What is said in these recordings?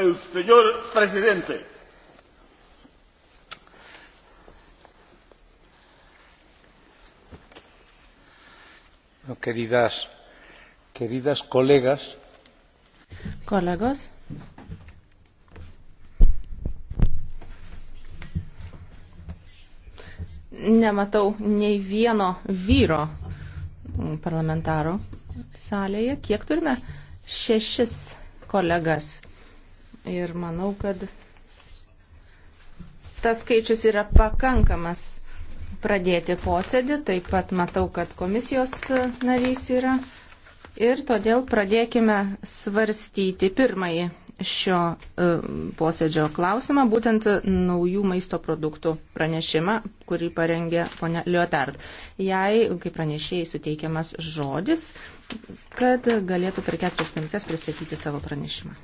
el señor presidente. Bueno, queridas, queridas colegas. Colegos. Nematau nei vieno vyro parlamentaro salėje. Kiek turime? Šešis kolegas Ir manau, kad tas skaičius yra pakankamas pradėti posėdį. Taip pat matau, kad komisijos narys yra. Ir todėl pradėkime svarstyti pirmąjį šio e, posėdžio klausimą, būtent naujų maisto produktų pranešimą, kurį parengė ponia Liotard. Jai, kaip pranešėjai, suteikiamas žodis, kad galėtų per keturias minutės pristatyti savo pranešimą.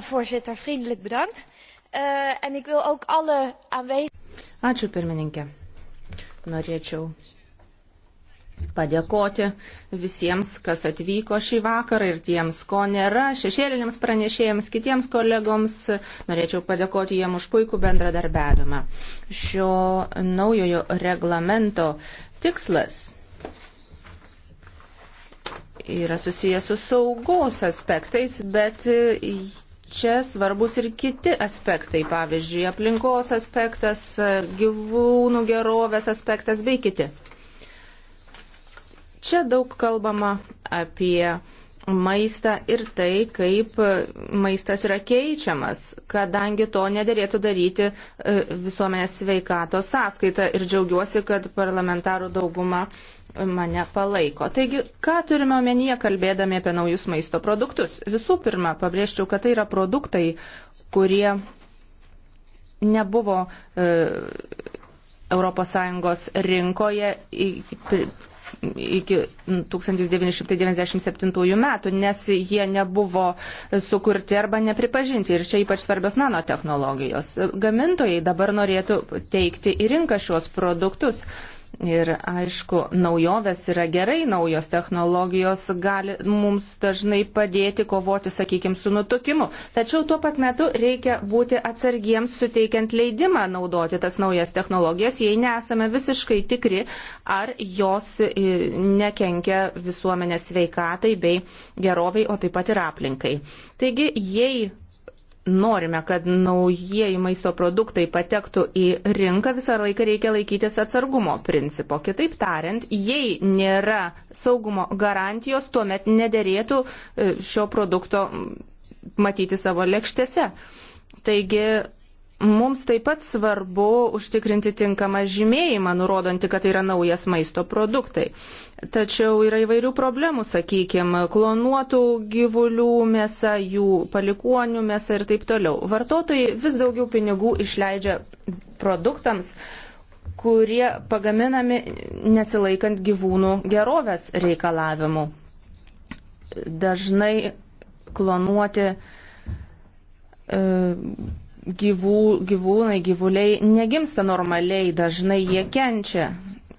Voorzitter, vriendelijk bedankt. Uh, en ik wil ook alle aanwezigen. Ačiū pirmininkė. Norėčiau padėkoti visiems, kas atvyko šį vakarą ir tiems, ko nėra, šešėliniams pranešėjams, kitiems kolegoms. Norėčiau padėkoti jiem už puikų bendradarbiavimą. Šio naujojo reglamento tikslas yra susijęs su saugos aspektais, bet čia svarbus ir kiti aspektai, pavyzdžiui, aplinkos aspektas, gyvūnų gerovės aspektas bei kiti. Čia daug kalbama apie maistą ir tai, kaip maistas yra keičiamas, kadangi to nedėlėtų daryti e, visuomenės sveikatos sąskaita ir džiaugiuosi, kad parlamentarų dauguma mane palaiko. Taigi, ką turime omenyje kalbėdami apie naujus maisto produktus? Visų pirma, pabrėžčiau, kad tai yra produktai, kurie nebuvo e, ES rinkoje iki 1997 metų, nes jie nebuvo sukurti arba nepripažinti. Ir čia ypač svarbios nanotehnologijos. Gamintojai dabar norėtų teikti į rinką šios produktus. Ir aišku, naujovės yra gerai, naujos technologijos gali mums dažnai padėti kovoti, sakykime, su nutukimu. Tačiau tuo pat metu reikia būti atsargiems suteikiant leidimą naudoti tas naujas technologijas, jei nesame visiškai tikri, ar jos e, nekenkia visuomenės sveikatai bei geroviai, o taip pat ir aplinkai. Taigi, jei norime, kad naujieji maisto produktai patektų į rinką, visą laiką reikia laikytis atsargumo principo. Kitaip tariant, jei nėra saugumo garantijos, tuomet nederėtų e, šio produkto matyti savo lėkštėse. Taigi Mums taip pat svarbu užtikrinti tinkamą žymėjimą, nurodantį, kad tai yra naujas maisto produktai. Tačiau yra įvairių problemų, sakykime, klonuotų gyvulių mėsa, jų palikonių mėsa ir taip toliau. Vartotojai vis daugiau pinigų išleidžia produktams, kurie pagaminami nesilaikant gyvūnų gerovės reikalavimų. Dažnai klonuoti. E, gyvų, gyvūnai, gyvuliai negimsta normaliai, dažnai jie kenčia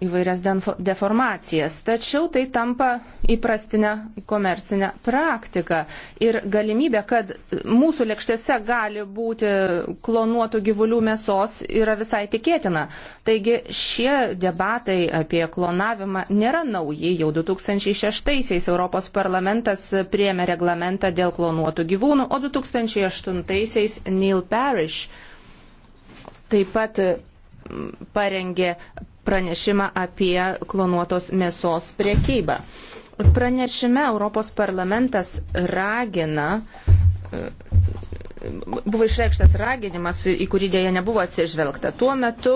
įvairias deformacijas. Tačiau tai tampa įprastinę komercinę praktiką ir galimybė, kad mūsų lėkštėse gali būti klonuotų gyvulių mėsos yra visai tikėtina. Taigi šie debatai apie klonavimą nėra nauji. Jau 2006-aisiais Europos parlamentas priemė reglamentą dėl klonuotų gyvūnų, o 2008-aisiais Neil Parrish taip pat parengė pranešimą apie klonuotos mėsos priekybą. Pranešime Europos parlamentas ragina e, buvo išreikštas raginimas, į kurį dėja nebuvo atsižvelgta. Tuo metu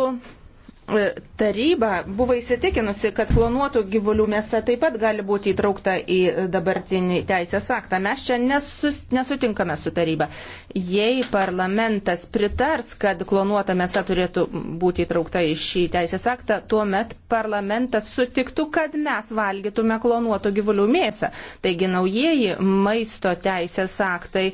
taryba buvo įsitikinusi, kad klonuotų gyvulių mėsa taip pat gali būti įtraukta į dabartinį teisės aktą. Mes čia nesus, nesutinkame su taryba. Jei parlamentas pritars, kad klonuota mėsa turėtų būti įtraukta į šį teisės aktą, tuomet parlamentas sutiktų, kad mes valgytume klonuotų gyvulių mėsą. Taigi naujieji maisto teisės aktai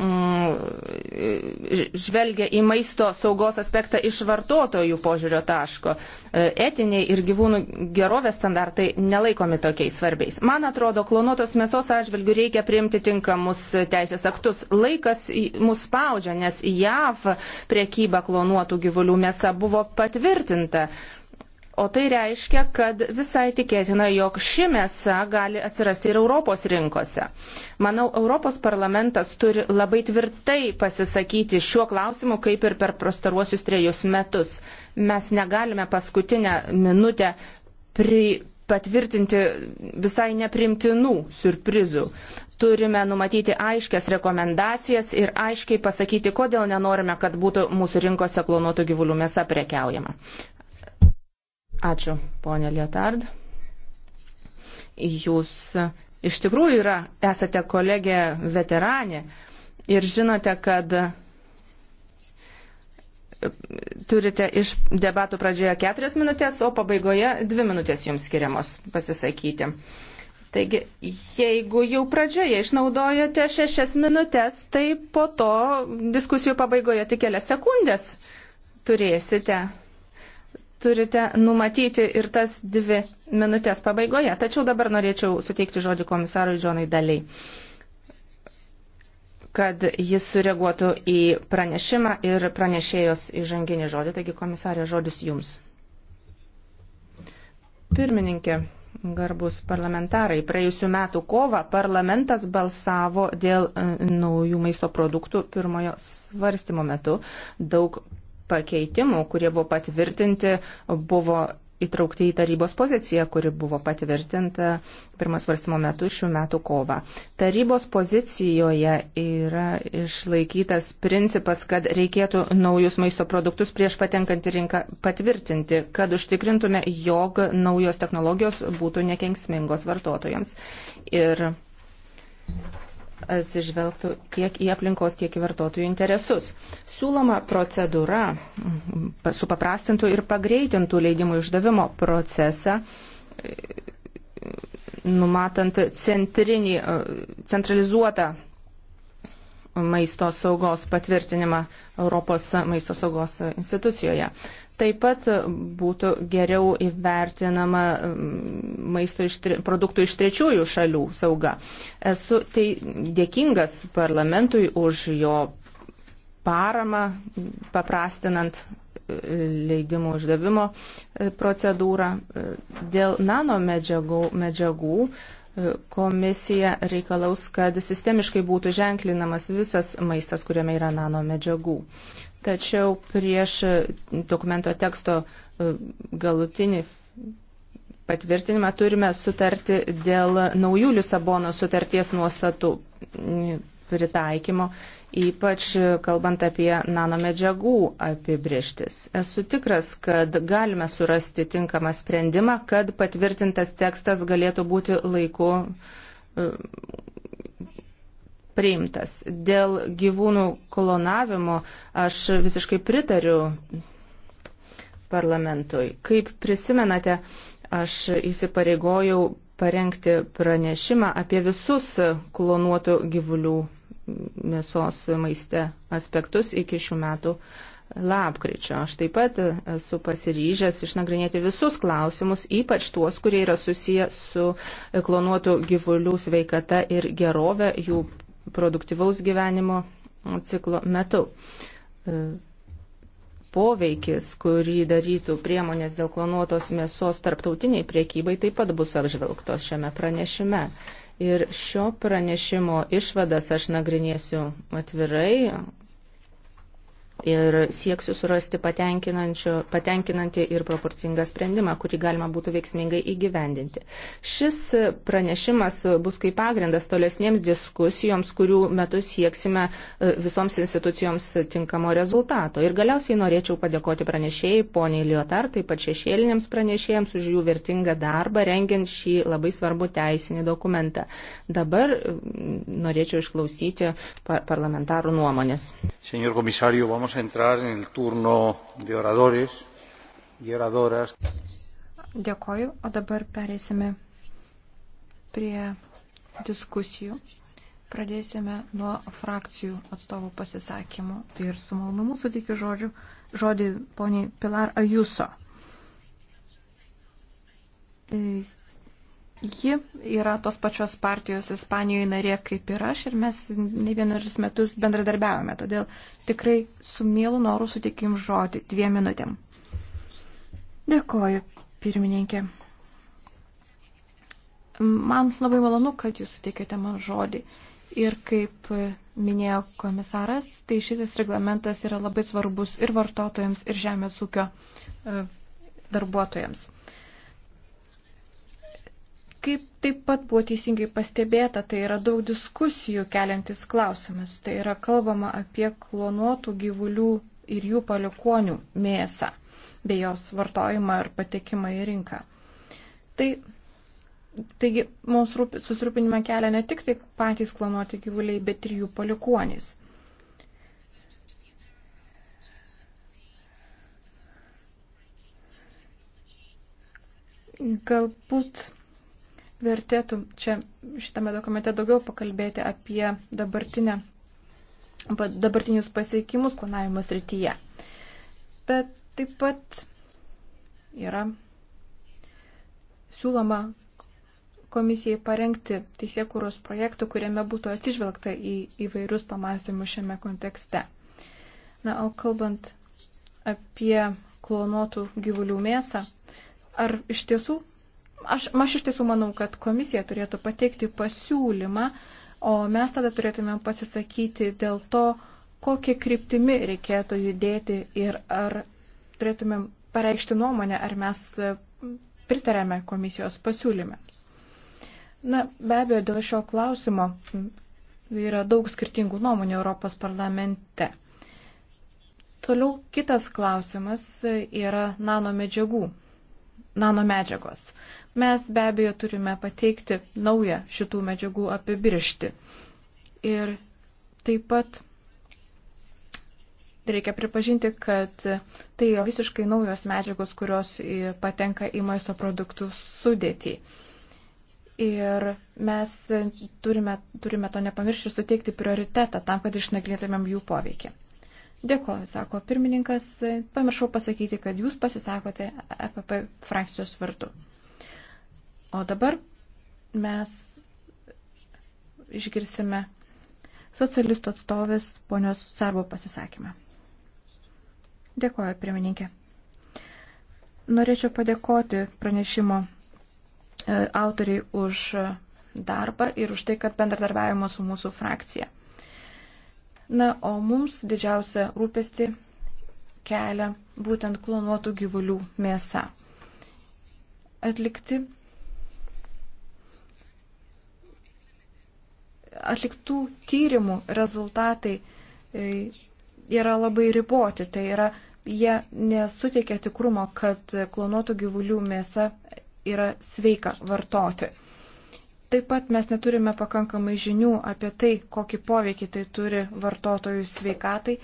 Mm, žvelgia į maisto saugos aspektą iš vartotojų požiūrio taško. E, etiniai ir gyvūnų gerovės standartai nelaikomi tokiais svarbiais. Man atrodo, klonuotos mėsos atžvilgių reikia priimti tinkamus teisės aktus. Laikas mus spaudžia, nes JAV priekyba klonuotų gyvulių mėsa buvo patvirtinta o tai reiškia, kad visai tikėtina, jog ši mėsa gali atsirasti ir Europos rinkose. Manau, Europos parlamentas turi labai tvirtai pasisakyti šiuo klausimu, kaip ir per pastaruosius trejus metus. Mes negalime paskutinę minutę pri patvirtinti visai neprimtinų surprizų. Turime numatyti aiškias rekomendacijas ir aiškiai pasakyti, kodėl nenorime, kad būtų mūsų rinkose klonuotų gyvulių mėsa prekiaujama. Ačiū, ponė Lietard. Jūs e, iš tikrųjų yra, esate kolegė veteranė ir žinote, kad e, turite iš debatų pradžioje keturias minutės, o pabaigoje dvi minutės jums skiriamos pasisakyti. Taigi, jeigu jau pradžioje išnaudojate šešias minutės, tai po to diskusijų pabaigoje tik kelias sekundės turėsite turite numatyti ir tas dvi minutės pabaigoje. Tačiau dabar norėčiau suteikti žodį komisarui Džonai Daliai, kad jis sureaguotų į pranešimą ir pranešėjos įžanginį žodį. Taigi, komisarė, žodis jums. Pirmininkė. Garbus parlamentarai, praėjusiu metu kovą parlamentas balsavo dėl e, naujų maisto produktų pirmojo svarstymo metu. Daug pakeitimų, kurie buvo patvirtinti, buvo įtraukti į tarybos poziciją, kuri buvo patvirtinta pirmas varstymo metu šių metų kovą. Tarybos pozicijoje yra išlaikytas principas, kad reikėtų naujus maisto produktus prieš patenkant į rinką patvirtinti, kad užtikrintume, jog naujos technologijos būtų nekenksmingos vartotojams. Ir atsižvelgtų tiek į aplinkos, tiek į vartotojų interesus. Siūloma procedūra mm, supaprastintų ir pagreitintų leidimų išdavimo procesą e, numatant centrinį, e, centralizuotą maisto saugos patvirtinimą Europos maisto saugos institucijoje. Taip pat būtų geriau įvertinama maisto iš, produktų iš trečiųjų šalių sauga. Esu tai dėkingas parlamentui už jo paramą, paprastinant e, leidimo uždavimo e, procedūrą. E, dėl nano medžiagų, medžiagų komisija reikalaus, kad sistemiškai būtų ženklinamas visas maistas, kuriame yra nano medžiagų. Tačiau prieš dokumento teksto e, galutinį patvirtinimą turime sutarti dėl naujų Lisabono sutarties nuostatų pritaikymo ypač kalbant apie nanomedžiagų apibrieštis. Esu tikras, kad galime surasti tinkamą sprendimą, kad patvirtintas tekstas galėtų būti laiku e, priimtas. Dėl gyvūnų klonavimo aš visiškai pritariu parlamentui. Kaip prisimenate, aš įsipareigojau parengti pranešimą apie visus klonuotų gyvulių mėsos maiste aspektus iki šių metų lapkričio. Aš taip pat esu pasiryžęs išnagrinėti visus klausimus, ypač tuos, kurie yra susiję su klonuotų gyvulių sveikata ir gerove jų produktyvaus gyvenimo ciklo metu. E, poveikis, kurį darytų priemonės dėl klonuotos mėsos tarptautiniai priekybai, taip pat bus apžvelgtos šiame pranešime. Ir šio pranešimo išvadas aš nagrinėsiu atvirai, ir sieksiu surasti patenkinantį ir proporcingą sprendimą, kurį galima būtų veiksmingai įgyvendinti. Šis pranešimas bus kaip pagrindas tolesniems diskusijoms, kurių metu sieksime e, visoms institucijoms tinkamo rezultato. Ir galiausiai norėčiau padėkoti pranešėjai, poniai Liotar, taip pat šešėliniams pranešėjams už jų vertingą darbą, rengiant šį labai svarbų teisinį dokumentą. Dabar norėčiau išklausyti parlamentarų nuomonės. Senor komisario, vamos vamos a entrar en el turno de oradores y oradoras. Dėkoju, o dabar pereisime prie diskusijų. Pradėsime nuo frakcijų atstovų pasisakymų ir su malonumu sutikiu žodžiu, žodį poniai Pilar Ajuso. Ji yra tos pačios partijos Ispanijoje narė kaip ir aš ir mes ne vienerius metus bendradarbiavome, todėl tikrai su mielu noru sutikim žodį dviem minutėm. Dėkoju, pirmininkė. Man labai malonu, kad jūs sutikėte man žodį. Ir kaip minėjo komisaras, tai šis reglamentas yra labai svarbus ir vartotojams, ir žemės ūkio e, darbuotojams. Kaip taip pat buvo teisingai pastebėta, tai yra daug diskusijų keliantis klausimas. Tai yra kalbama apie klonuotų gyvulių ir jų palikonių mėsą bei jos vartojimą ir patekimą į rinką. Tai, taigi mums rūpi, susirūpinimą kelia ne tik tai patys klonuoti gyvuliai, bet ir jų palikonys. Galbūt vertėtų čia šitame dokumente daugiau pakalbėti apie dabartinę, dabartinius pasiekimus planavimo srityje. Bet taip pat yra siūloma komisijai parengti teisėkūros projektų, kuriame būtų atsižvelgta į įvairius pamastymus šiame kontekste. Na, o kalbant apie klonuotų gyvulių mėsą, ar iš tiesų Aš, aš iš tiesų manau, kad komisija turėtų pateikti pasiūlymą, o mes tada turėtume pasisakyti dėl to, kokie kryptimi reikėtų judėti ir ar turėtumėm pareikšti nuomonę, ar mes e, pritarėme komisijos pasiūlymėms. Na, be abejo, dėl šio klausimo yra daug skirtingų nuomonių Europos parlamente. Toliau kitas klausimas e, yra nanomedžiagų, nanomedžiagos. Mes be abejo turime pateikti naują šitų medžiagų apibrišti. Ir taip pat reikia pripažinti, kad tai yra visiškai naujos medžiagos, kurios patenka į maisto produktų sudėtį. Ir mes turime, turime to nepamiršti ir suteikti prioritetą tam, kad išnagrinėtumėm jų poveikį. Dėkoju, sako pirmininkas. Pamiršau pasakyti, kad jūs pasisakote EPP frakcijos vardu. O dabar mes išgirsime socialistų atstovės ponios Sarbo pasisakymą. Dėkoju, pirmininkė. Norėčiau padėkoti pranešimo e, autoriai už darbą ir už tai, kad bendradarbiavimo su mūsų frakcija. Na, o mums didžiausia rūpesti kelia būtent klonuotų gyvulių mėsa. Atlikti atliktų tyrimų rezultatai e, yra labai riboti. Tai yra, jie nesuteikia tikrumo, kad klonuotų gyvulių mėsa yra sveika vartoti. Taip pat mes neturime pakankamai žinių apie tai, kokį poveikį tai turi vartotojų sveikatai,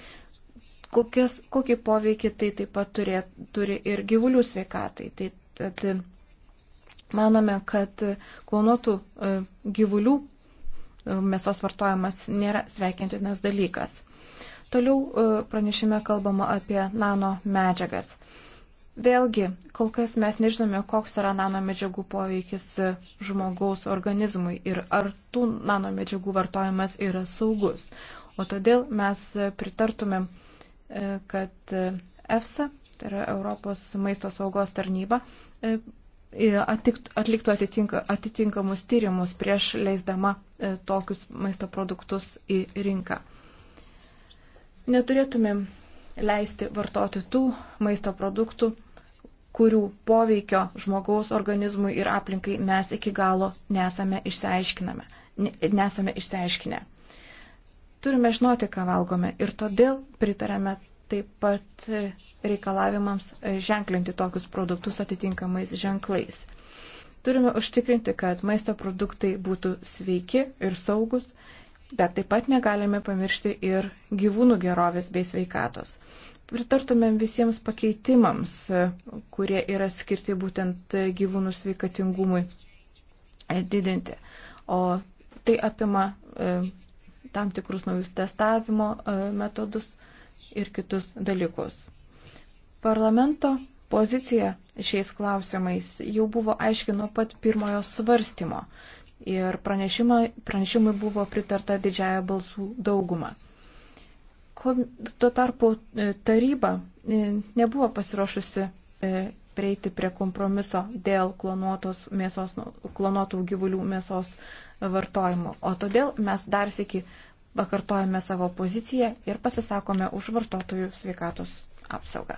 kokias, kokį poveikį tai taip pat turė, turi ir gyvulių sveikatai. Tai tad, manome, kad klonuotų e, gyvulių mėsos vartojimas nėra sveikintinas dalykas. Toliau e, pranešime kalbama apie nano medžiagas. Vėlgi, kol kas mes nežinome, koks yra nanomedžiagų poveikis e, žmogaus organizmui ir ar tų nanomedžiagų vartojimas yra saugus. O todėl mes e, pritartumėm, kad EFSA, tai yra Europos maisto saugos tarnyba, atliktų atitinka, atitinkamus tyrimus prieš leisdama e, tokius maisto produktus į rinką. Neturėtumėm leisti vartoti tų maisto produktų, kurių poveikio žmogaus organizmui ir aplinkai mes iki galo nesame, nesame išsiaiškinę. Turime žinoti, ką valgome ir todėl pritarėme taip pat reikalavimams ženklinti tokius produktus atitinkamais ženklais. Turime užtikrinti, kad maisto produktai būtų sveiki ir saugus, bet taip pat negalime pamiršti ir gyvūnų gerovės bei sveikatos. Pritartumėm visiems pakeitimams, kurie yra skirti būtent gyvūnų sveikatingumui didinti. O tai apima e, tam tikrus naujus testavimo e, metodus ir kitus dalykus. Parlamento pozicija šiais klausimais jau buvo aiški nuo pat pirmojo svarstymo ir pranešimui buvo pritarta didžiaja balsų dauguma. Tuo tarpu e, taryba e, nebuvo pasiruošusi e, prieiti prie kompromiso dėl klonuotos mėsos, nu, klonuotų gyvulių mėsos vartojimo, o todėl mes dar sėki pakartojame savo poziciją ir pasisakome už vartotojų sveikatos apsaugą.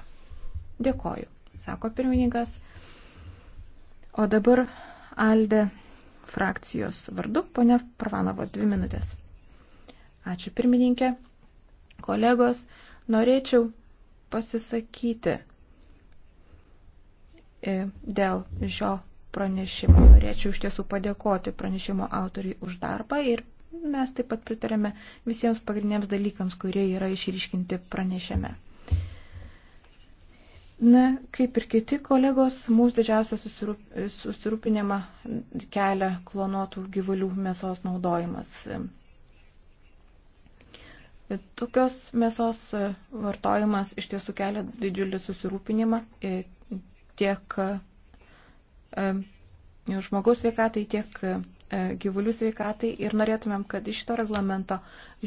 Dėkoju, sako pirmininkas. O dabar Alde frakcijos vardu, ponia Parvanova, dvi minutės. Ačiū pirmininkė, kolegos, norėčiau pasisakyti e, dėl šio pranešimo. Norėčiau iš tiesų padėkoti pranešimo autoriai už darbą ir Mes taip pat pritarėme visiems pagrindiniams dalykams, kurie yra išryškinti pranešime. Na, kaip ir kiti kolegos, mūsų didžiausia susirūp... susirūpinimą kelia klonuotų gyvulių mėsos naudojimas. Tokios mėsos vartojimas iš tiesų kelia didžiulį susirūpinimą e, tiek e, žmogaus sveikatai, tiek E, gyvulių sveikatai ir norėtumėm, kad iš šito reglamento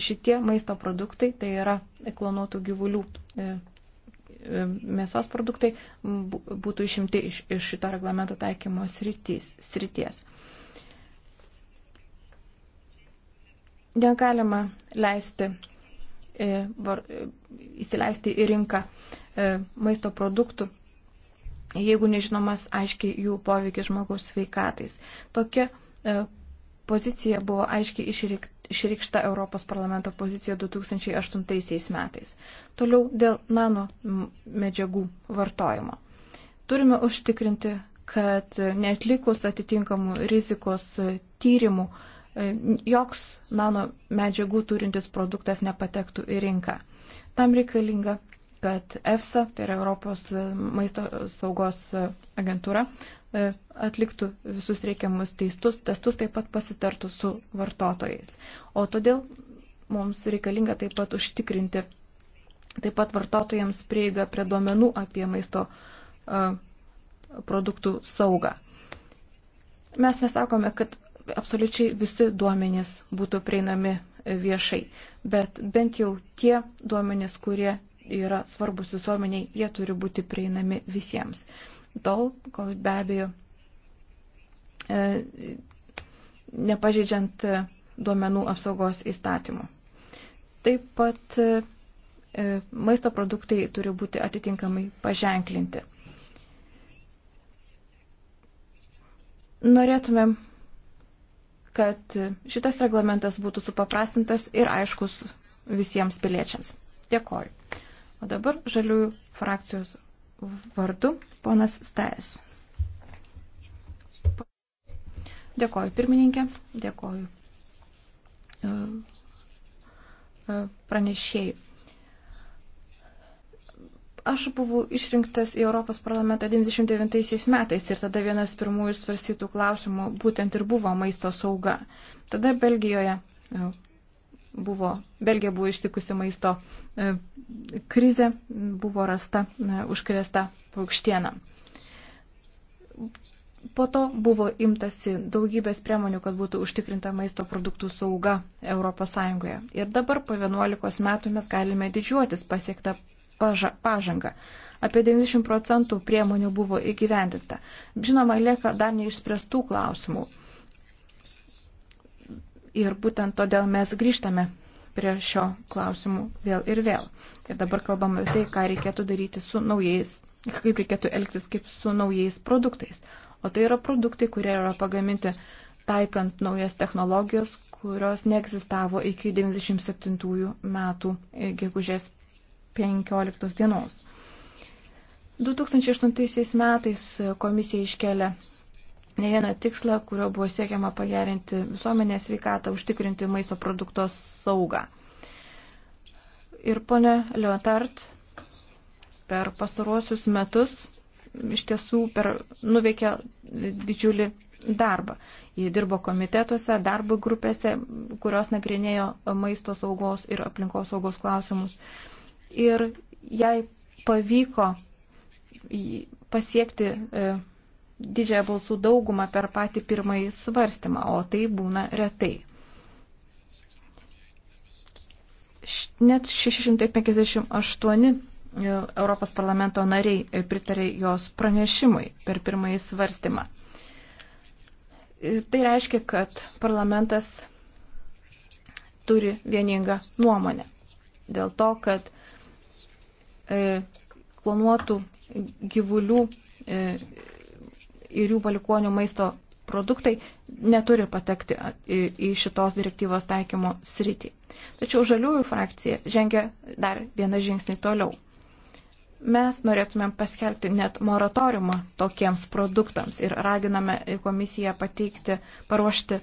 šitie maisto produktai, tai yra klonuotų gyvulių e, e, mėsos produktai, būtų išimti iš, iš šito reglamento taikymo sritis, srities. Negalima leisti įsileisti į rinką maisto produktų, jeigu nežinomas aiškiai jų poveikis žmogaus sveikatais. Tokia E, pozicija buvo aiškiai išreikšta Europos parlamento pozicija 2008 metais. Toliau dėl nano medžiagų vartojimo. Turime užtikrinti, kad netlikus atitinkamų rizikos tyrimų, e, joks nano medžiagų turintis produktas nepatektų į rinką. Tam reikalinga kad EFSA, tai yra Europos maisto saugos agentūra, e, atliktų visus reikiamus teistus, testus taip pat pasitartų su vartotojais. O todėl mums reikalinga taip pat užtikrinti taip pat vartotojams prieiga prie duomenų apie maisto e, produktų saugą. Mes nesakome, kad absoliučiai visi duomenys būtų prieinami viešai, bet bent jau tie duomenys, kurie yra svarbus visuomeniai, jie turi būti prieinami visiems. Tol, kol be abejo, e, nepažeidžiant duomenų apsaugos įstatymų. Taip pat e, e, maisto produktai turi būti atitinkamai paženklinti. Norėtumėm, kad šitas reglamentas būtų supaprastintas ir aiškus visiems piliečiams. Dėkoju. O dabar žaliųjų frakcijos vardu ponas Stajas. Dėkoju pirmininkė, dėkoju e, e, pranešėjai. Aš buvau išrinktas į Europos parlamentą 99 metais ir tada vienas pirmųjų svarstytų klausimų būtent ir buvo maisto sauga. Tada Belgijoje e, buvo, Belgija buvo ištikusi maisto e, krizė, buvo rasta e, užkrėsta paukštiena. Po to buvo imtasi daugybės priemonių, kad būtų užtikrinta maisto produktų sauga ES. Ir dabar po 11 metų mes galime didžiuotis pasiektą pažangą. Apie 90 procentų priemonių buvo įgyvendinta. Žinoma, lieka dar neišspręstų klausimų. Ir būtent todėl mes grįžtame prie šio klausimų vėl ir vėl. Ir dabar kalbame apie tai, ką reikėtų daryti su naujais, kaip reikėtų elgtis kaip su naujais produktais. O tai yra produktai, kurie yra pagaminti taikant naujas technologijos, kurios neegzistavo iki 97 metų gegužės 15 dienos. 2008 metais komisija iškelia ne vieną tikslą, kurio buvo siekiama pagerinti visuomenės sveikatą, užtikrinti maisto produkto saugą. Ir ponė Leotard per pastaruosius metus iš tiesų per, nuveikė didžiulį darbą. Jie dirbo komitetuose, darbo grupėse, kurios nagrinėjo maisto saugos ir aplinkos saugos klausimus. Ir jai pavyko pasiekti e, didžiąją balsų daugumą per patį pirmąjį svarstymą, o tai būna retai. Net 658 e, Europos parlamento nariai pritarė jos pranešimui per pirmąjį svarstymą. E, tai reiškia, kad parlamentas turi vieningą nuomonę dėl to, kad e, klonuotų gyvulių ir jų palikonių maisto produktai neturi patekti į šitos direktyvos taikymo sritį. Tačiau žaliųjų frakcija žengia dar vieną žingsnį toliau. Mes norėtumėm paskelbti net moratoriumą tokiems produktams ir raginame komisiją pateikti, paruošti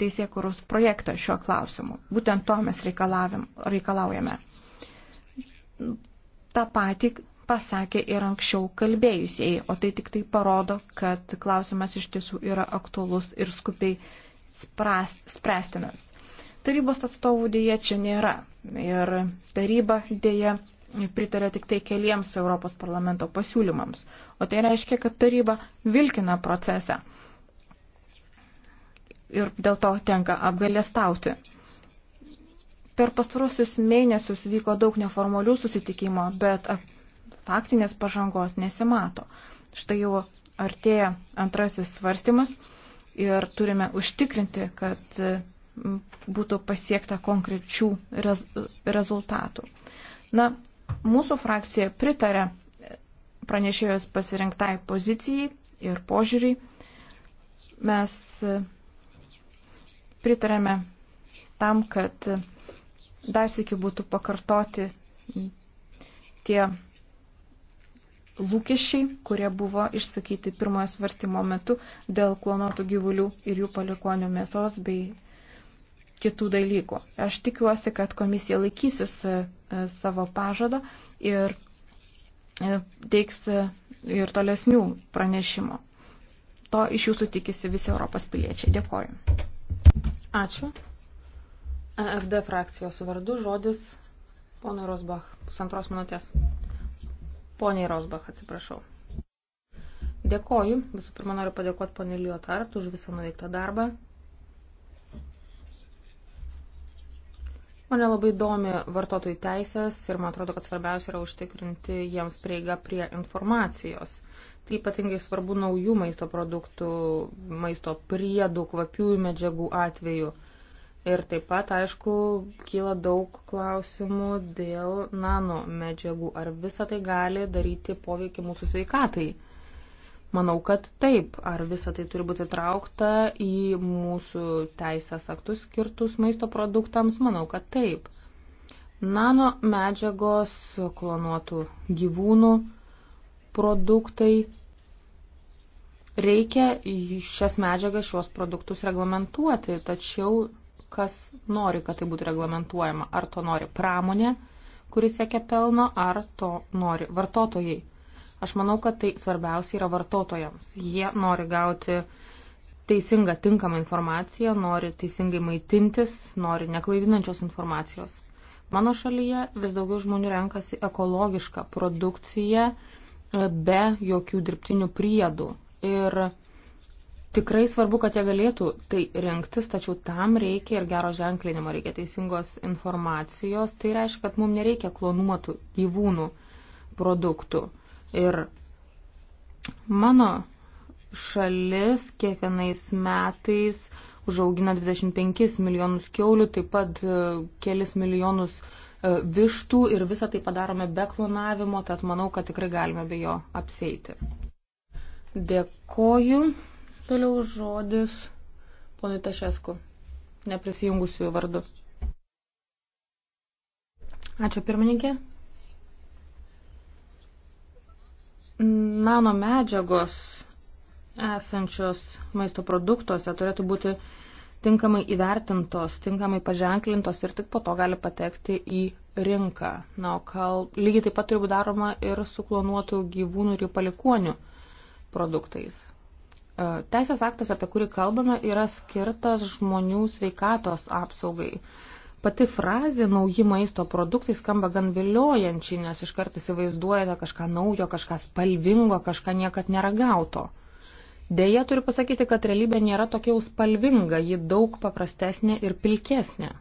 teisėkurus projektą šiuo klausimu. Būtent to mes reikalaujame. Ta pati pasakė ir anksčiau kalbėjusieji, o tai tik tai parodo, kad klausimas iš tiesų yra aktuolus ir skupiai sprast, spręstinas. Tarybos atstovų dėje čia nėra ir taryba dėje pritarė tik tai keliems Europos parlamento pasiūlymams, o tai reiškia, kad taryba vilkina procesą ir dėl to tenka apgalėstauti. Per pastarosius mėnesius vyko daug neformalių susitikimo, bet faktinės pažangos nesimato. Štai jau artėja antrasis svarstymas ir turime užtikrinti, kad būtų pasiekta konkrečių rez, rezultatų. Na, mūsų frakcija pritarė pranešėjos pasirinktai pozicijai ir požiūriui. Mes e, pritarėme tam, kad dar sėki būtų pakartoti tie lūkesčiai, kurie buvo išsakyti pirmojo svarstymo metu dėl klonuotų gyvulių ir jų palikonių mėsos bei kitų dalykų. Aš tikiuosi, kad komisija laikysis e, e, savo pažado ir e, teiks ir tolesnių pranešimų. To iš jūsų tikisi visi Europos piliečiai. Dėkoju. Ačiū. EFD frakcijos vardu žodis ponui Rosbach. Pusantros minutės. Poniai Rosbach, atsiprašau. Dėkoju. Visų pirma, noriu padėkoti poniai Liotart už visą nuveiktą darbą. Mane labai įdomi vartotojų teisės ir man atrodo, kad svarbiausia yra užtikrinti jiems prieigą prie informacijos. Tai ypatingai svarbu naujų maisto produktų, maisto priedų, kvapiųjų medžiagų atveju. Ir taip pat, aišku, kyla daug klausimų dėl nano medžiagų. Ar visa tai gali daryti poveikį mūsų sveikatai? Manau, kad taip. Ar visa tai turi būti traukta į mūsų teisės aktus skirtus maisto produktams? Manau, kad taip. Nano medžiagos, klonuotų gyvūnų produktai reikia šias medžiagas, šios produktus reglamentuoti, tačiau kas nori, kad tai būtų reglamentuojama. Ar to nori pramonė, kuris siekia pelno, ar to nori vartotojai. Aš manau, kad tai svarbiausia yra vartotojams. Jie nori gauti teisingą, tinkamą informaciją, nori teisingai maitintis, nori neklaidinančios informacijos. Mano šalyje vis daugiau žmonių renkasi ekologišką produkciją e, be jokių dirbtinių priedų. Ir Tikrai svarbu, kad jie galėtų tai rinktis, tačiau tam reikia ir gero ženklinimo, reikia teisingos informacijos. Tai reiškia, kad mums nereikia klonuotų gyvūnų produktų. Ir mano šalis kiekvienais metais užaugina 25 milijonus keulių, taip pat e, kelis milijonus e, vištų ir visą tai padarome be klonavimo, tad manau, kad tikrai galime be jo apseiti. Dėkoju. Toliau žodis ponui Tašesku, neprisijungusiųjų vardu. Ačiū pirmininkė. Nano medžiagos esančios maisto produktuose turėtų būti tinkamai įvertintos, tinkamai paženklintos ir tik po to gali patekti į rinką. Na, o kal... lygiai taip pat turi būti daroma ir su klonuotų gyvūnų ir jų palikonių produktais. E, teisės aktas, apie kurį kalbame, yra skirtas žmonių sveikatos apsaugai. Pati frazė nauji maisto produktai skamba gan viliojančiai, nes iš karto įsivaizduojate kažką naujo, kažką spalvingo, kažką niekad neragauto. Deja, turiu pasakyti, kad realybė nėra tokia jau spalvinga, ji daug paprastesnė ir pilkesnė.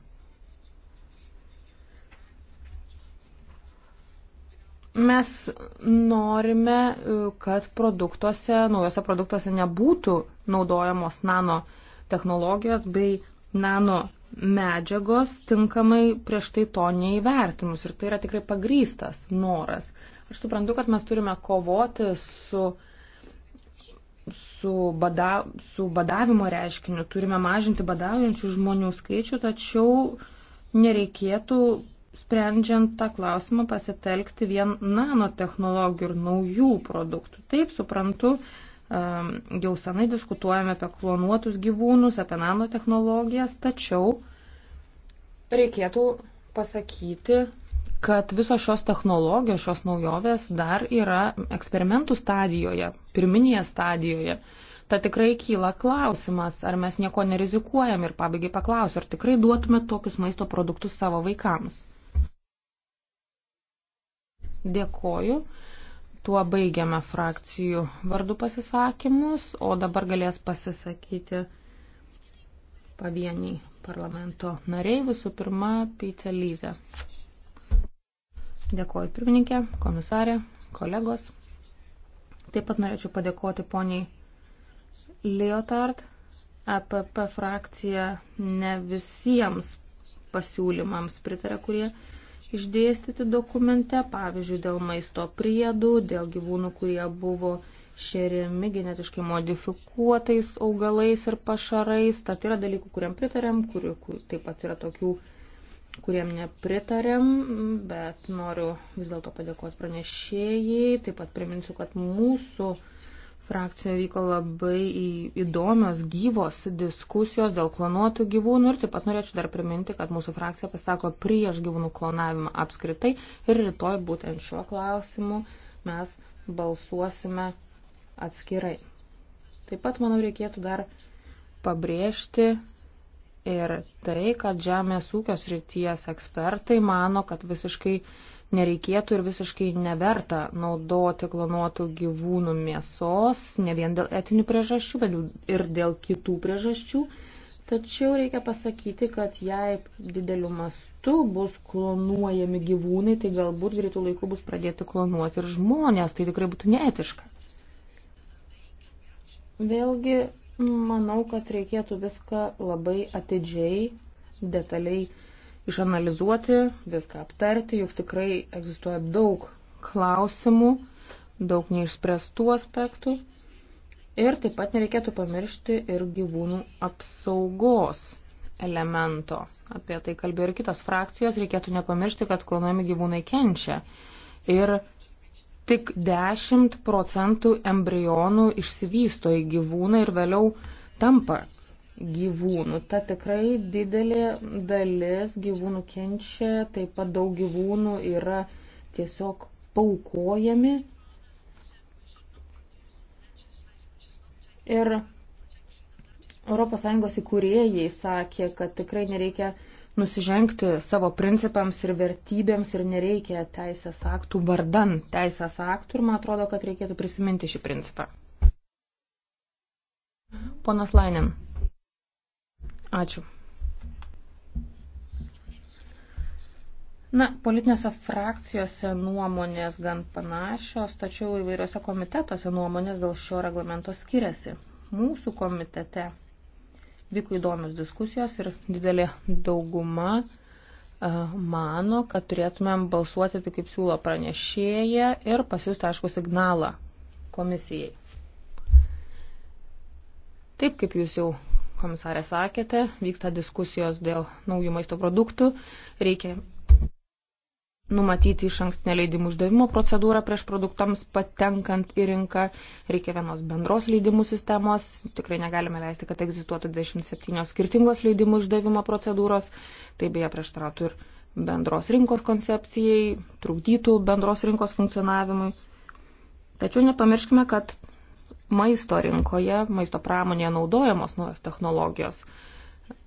Mes norime, e, kad produktuose, naujose produktuose nebūtų naudojamos nano technologijos bei nano medžiagos tinkamai prieš tai to neįvertinus. Ir tai yra tikrai pagrystas noras. Aš suprantu, kad mes turime kovoti su, su, bada, su badavimo reiškiniu, turime mažinti badaujančių žmonių skaičių, tačiau nereikėtų sprendžiant tą klausimą pasitelkti vien nanotehnologijų ir naujų produktų. Taip, suprantu, jau senai diskutuojame apie klonuotus gyvūnus, apie nanotehnologijas, tačiau reikėtų pasakyti, kad visos šios technologijos, šios naujovės dar yra eksperimentų stadijoje, pirminėje stadijoje. Ta tikrai kyla klausimas, ar mes nieko nerizikuojam ir pabaigai paklausiu, ar tikrai duotume tokius maisto produktus savo vaikams. Dėkoju. Tuo baigiame frakcijų vardų pasisakymus, o dabar galės pasisakyti pavieniai parlamento nariai. Visų pirma, Pytė Lyze. Dėkoju pirmininkė, komisarė, kolegos. Taip pat norėčiau padėkoti poniai Leotard. EPP frakcija ne visiems pasiūlymams pritarė, kurie išdėstyti dokumente, pavyzdžiui, dėl maisto priedų, dėl gyvūnų, kurie buvo šeriami genetiškai modifikuotais augalais ir pašarais. Tad yra dalykų, kuriam pritarėm, kurių kur, taip pat yra tokių, kuriem nepritarėm, bet noriu vis dėlto padėkoti pranešėjai. Taip pat priminsiu, kad mūsų uh, frakcijoje vyko labai įdomios, gyvos diskusijos dėl klonuotų gyvūnų ir taip pat norėčiau dar priminti, kad mūsų frakcija pasako prieš gyvūnų klonavimą apskritai ir rytoj būtent šiuo klausimu mes balsuosime atskirai. Taip pat, manau, reikėtų dar pabrėžti ir tai, kad žemės ūkios ryties ekspertai mano, kad visiškai nereikėtų ir visiškai neverta naudoti klonuotų gyvūnų mėsos, ne vien dėl etinių priežasčių, bet ir dėl kitų priežasčių. Tačiau reikia pasakyti, kad jei dideliu mastu bus klonuojami gyvūnai, tai galbūt greitų laikų bus pradėti klonuoti ir žmonės, tai tikrai būtų neetiška. Vėlgi, manau, kad reikėtų viską labai atidžiai, detaliai išanalizuoti, viską aptarti, juk tikrai egzistuoja daug klausimų, daug neišspręstų aspektų. Ir taip pat nereikėtų pamiršti ir gyvūnų apsaugos elemento. Apie tai kalbėjo ir kitos frakcijos. Reikėtų nepamiršti, kad klonuojami gyvūnai kenčia. Ir tik 10 procentų embrionų išsivysto į gyvūną ir vėliau tampa gyvūnų. Ta tikrai didelė dalis gyvūnų kenčia, taip pat daug gyvūnų yra tiesiog paukojami. Ir ES įkūrėjai sakė, kad tikrai nereikia nusižengti savo principams ir vertybėms ir nereikia teisės aktų vardan teisės aktų ir man atrodo, kad reikėtų prisiminti šį principą. Ponas Lainin. Ačiū. Na, politinėse frakcijose nuomonės gan panašios, tačiau įvairiose komitetuose nuomonės dėl šio reglamento skiriasi. Mūsų komitete vyko įdomios diskusijos ir didelė dauguma e, mano, kad turėtumėm balsuoti taip, kaip siūlo pranešėja ir pasiūsti aišku signalą komisijai. Taip kaip jūs jau komisarė sakėte, vyksta diskusijos dėl naujų maisto produktų. Reikia numatyti iš ankstinę leidimų uždavimo procedūrą prieš produktams patenkant į rinką. Reikia vienos bendros leidimų sistemos. Tikrai negalime leisti, kad egzistuotų 27 skirtingos leidimų uždavimo procedūros. Tai beje prieštarautų ir bendros rinkos koncepcijai, trukdytų bendros rinkos funkcionavimui. Tačiau nepamirškime, kad maisto rinkoje, maisto pramonėje naudojamos naujos technologijos.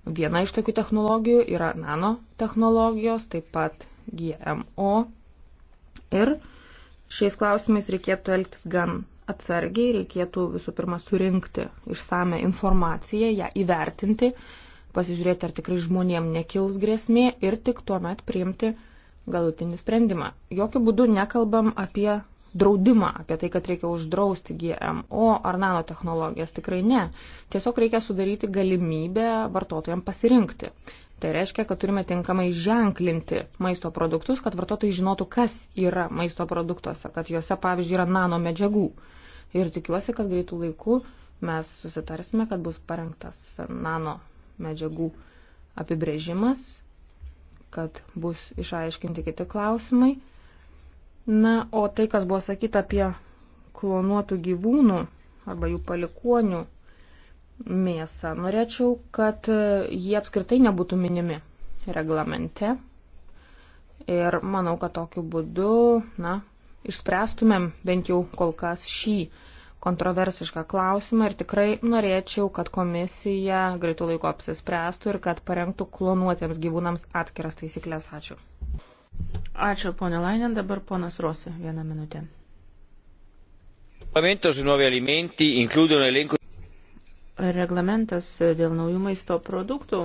Viena iš tokių technologijų yra nanotehnologijos, taip pat GMO. Ir šiais klausimais reikėtų elgtis gan atsargiai, reikėtų visų pirma surinkti išsame informaciją, ją įvertinti, pasižiūrėti, ar tikrai žmonėm nekils grėsmė ir tik tuomet priimti galutinį sprendimą. Jokių būdų nekalbam apie draudimą apie tai, kad reikia uždrausti GMO ar nanotehnologijas. Tikrai ne. Tiesiog reikia sudaryti galimybę vartotojams pasirinkti. Tai reiškia, kad turime tinkamai ženklinti maisto produktus, kad vartotojai žinotų, kas yra maisto produktuose, kad juose, pavyzdžiui, yra nano medžiagų. Ir tikiuosi, kad greitų laikų mes susitarsime, kad bus parengtas nano medžiagų apibrėžimas, kad bus išaiškinti kiti klausimai Na, o tai, kas buvo sakyta apie klonuotų gyvūnų arba jų palikonių mėsą, norėčiau, kad jie apskritai nebūtų minimi reglamente. Ir manau, kad tokiu būdu, na, išspręstumėm bent jau kol kas šį kontroversišką klausimą ir tikrai norėčiau, kad komisija greitų laiku apsispręstų ir kad parengtų klonuotiems gyvūnams atskiras taisyklės. Ačiū. Ačiū, ponė Lainin, dabar ponas Rosi, vieną minutę. Reglamentas dėl naujų maisto produktų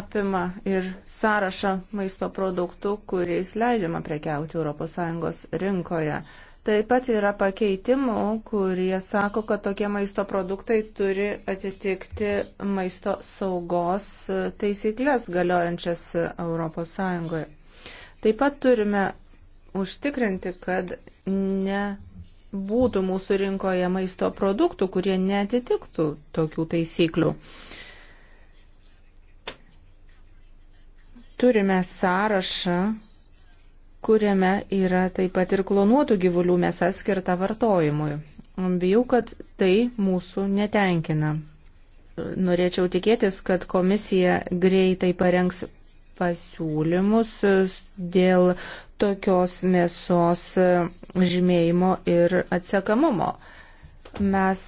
apima ir sąrašą maisto produktų, kuriais leidžiama prekiauti ES rinkoje. Taip pat yra pakeitimų, kurie sako, kad tokie maisto produktai turi atitikti maisto saugos taisyklės galiojančias ES. Taip pat turime užtikrinti, kad nebūtų mūsų rinkoje maisto produktų, kurie netitiktų tokių taisyklių. Turime sąrašą kuriame yra taip pat ir klonuotų gyvulių mėsa skirta vartojimui. Bijau, kad tai mūsų netenkina. Norėčiau tikėtis, kad komisija greitai parengs pasiūlymus dėl tokios mėsos žymėjimo ir atsekamumo. Mes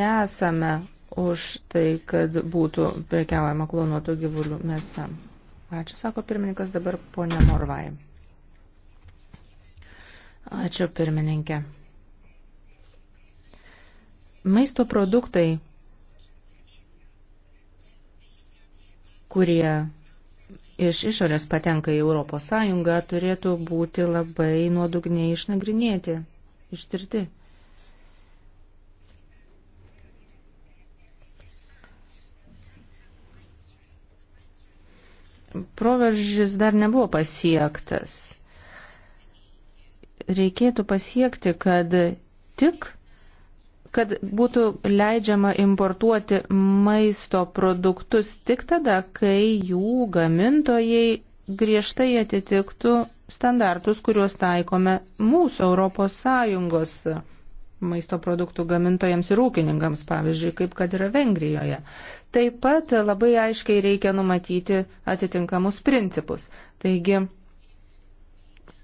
nesame už tai, kad būtų prekiaujama klonuotų gyvulių mėsa. Ačiū, sako pirmininkas, dabar ponia Morvai. Ačiū pirmininkė. Maisto produktai, kurie iš išorės patenka į ES, turėtų būti labai nuodugniai išnagrinėti, ištirti. Proveržis dar nebuvo pasiektas reikėtų pasiekti, kad tik kad būtų leidžiama importuoti maisto produktus tik tada, kai jų gamintojai griežtai atitiktų standartus, kuriuos taikome mūsų ES maisto produktų gamintojams ir ūkininkams, pavyzdžiui, kaip kad yra Vengrijoje. Taip pat labai aiškiai reikia numatyti atitinkamus principus. Taigi,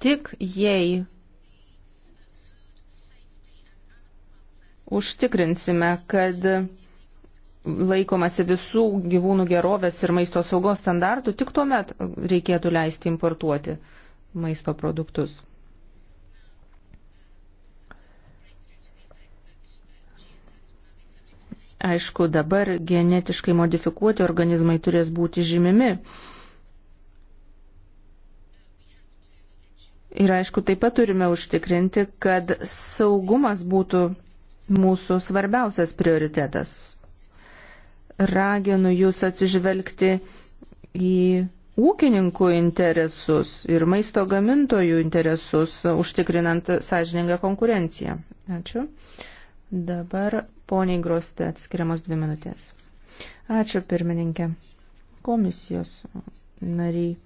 tik jei užtikrinsime, kad laikomasi visų gyvūnų gerovės ir maisto saugos standartų, tik tuomet reikėtų leisti importuoti maisto produktus. Aišku, dabar genetiškai modifikuoti organizmai turės būti žymimi. Ir aišku, taip pat turime užtikrinti, kad saugumas būtų mūsų svarbiausias prioritetas. Raginu jūs atsižvelgti į ūkininkų interesus ir maisto gamintojų interesus, užtikrinant sąžiningą konkurenciją. Ačiū. Dabar poniai Groste atskiriamos dvi minutės. Ačiū pirmininkė. Komisijos nariai.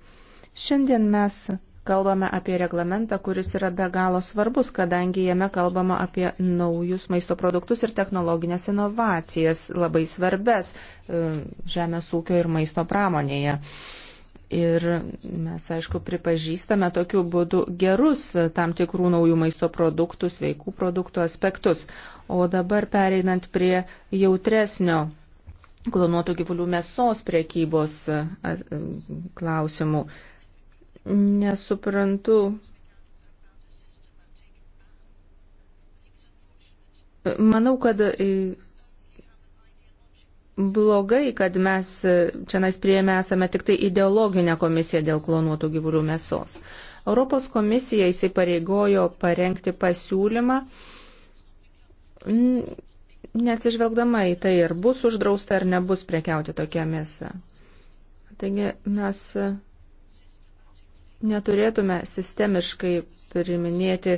Šiandien mes kalbame apie reglamentą, kuris yra be galo svarbus, kadangi jame kalbama apie naujus maisto produktus ir technologinės inovacijas, labai svarbes e, žemės ūkio ir maisto pramonėje. Ir mes, aišku, pripažįstame tokiu būdu gerus tam tikrų naujų maisto produktų, sveikų produktų aspektus. O dabar pereinant prie jautresnio klonuotų gyvulių mėsos priekybos e, e, klausimų. Nesuprantu. Manau, kad blogai, kad mes čia nais prieėmė esame tik tai ideologinę komisiją dėl klonuotų gyvulių mėsos. Europos komisija įsipareigojo parengti pasiūlymą, neatsižvelgdama į tai, ar bus uždrausta, ar nebus prekiauti tokia mėsa. Taigi mes neturėtume sistemiškai priminėti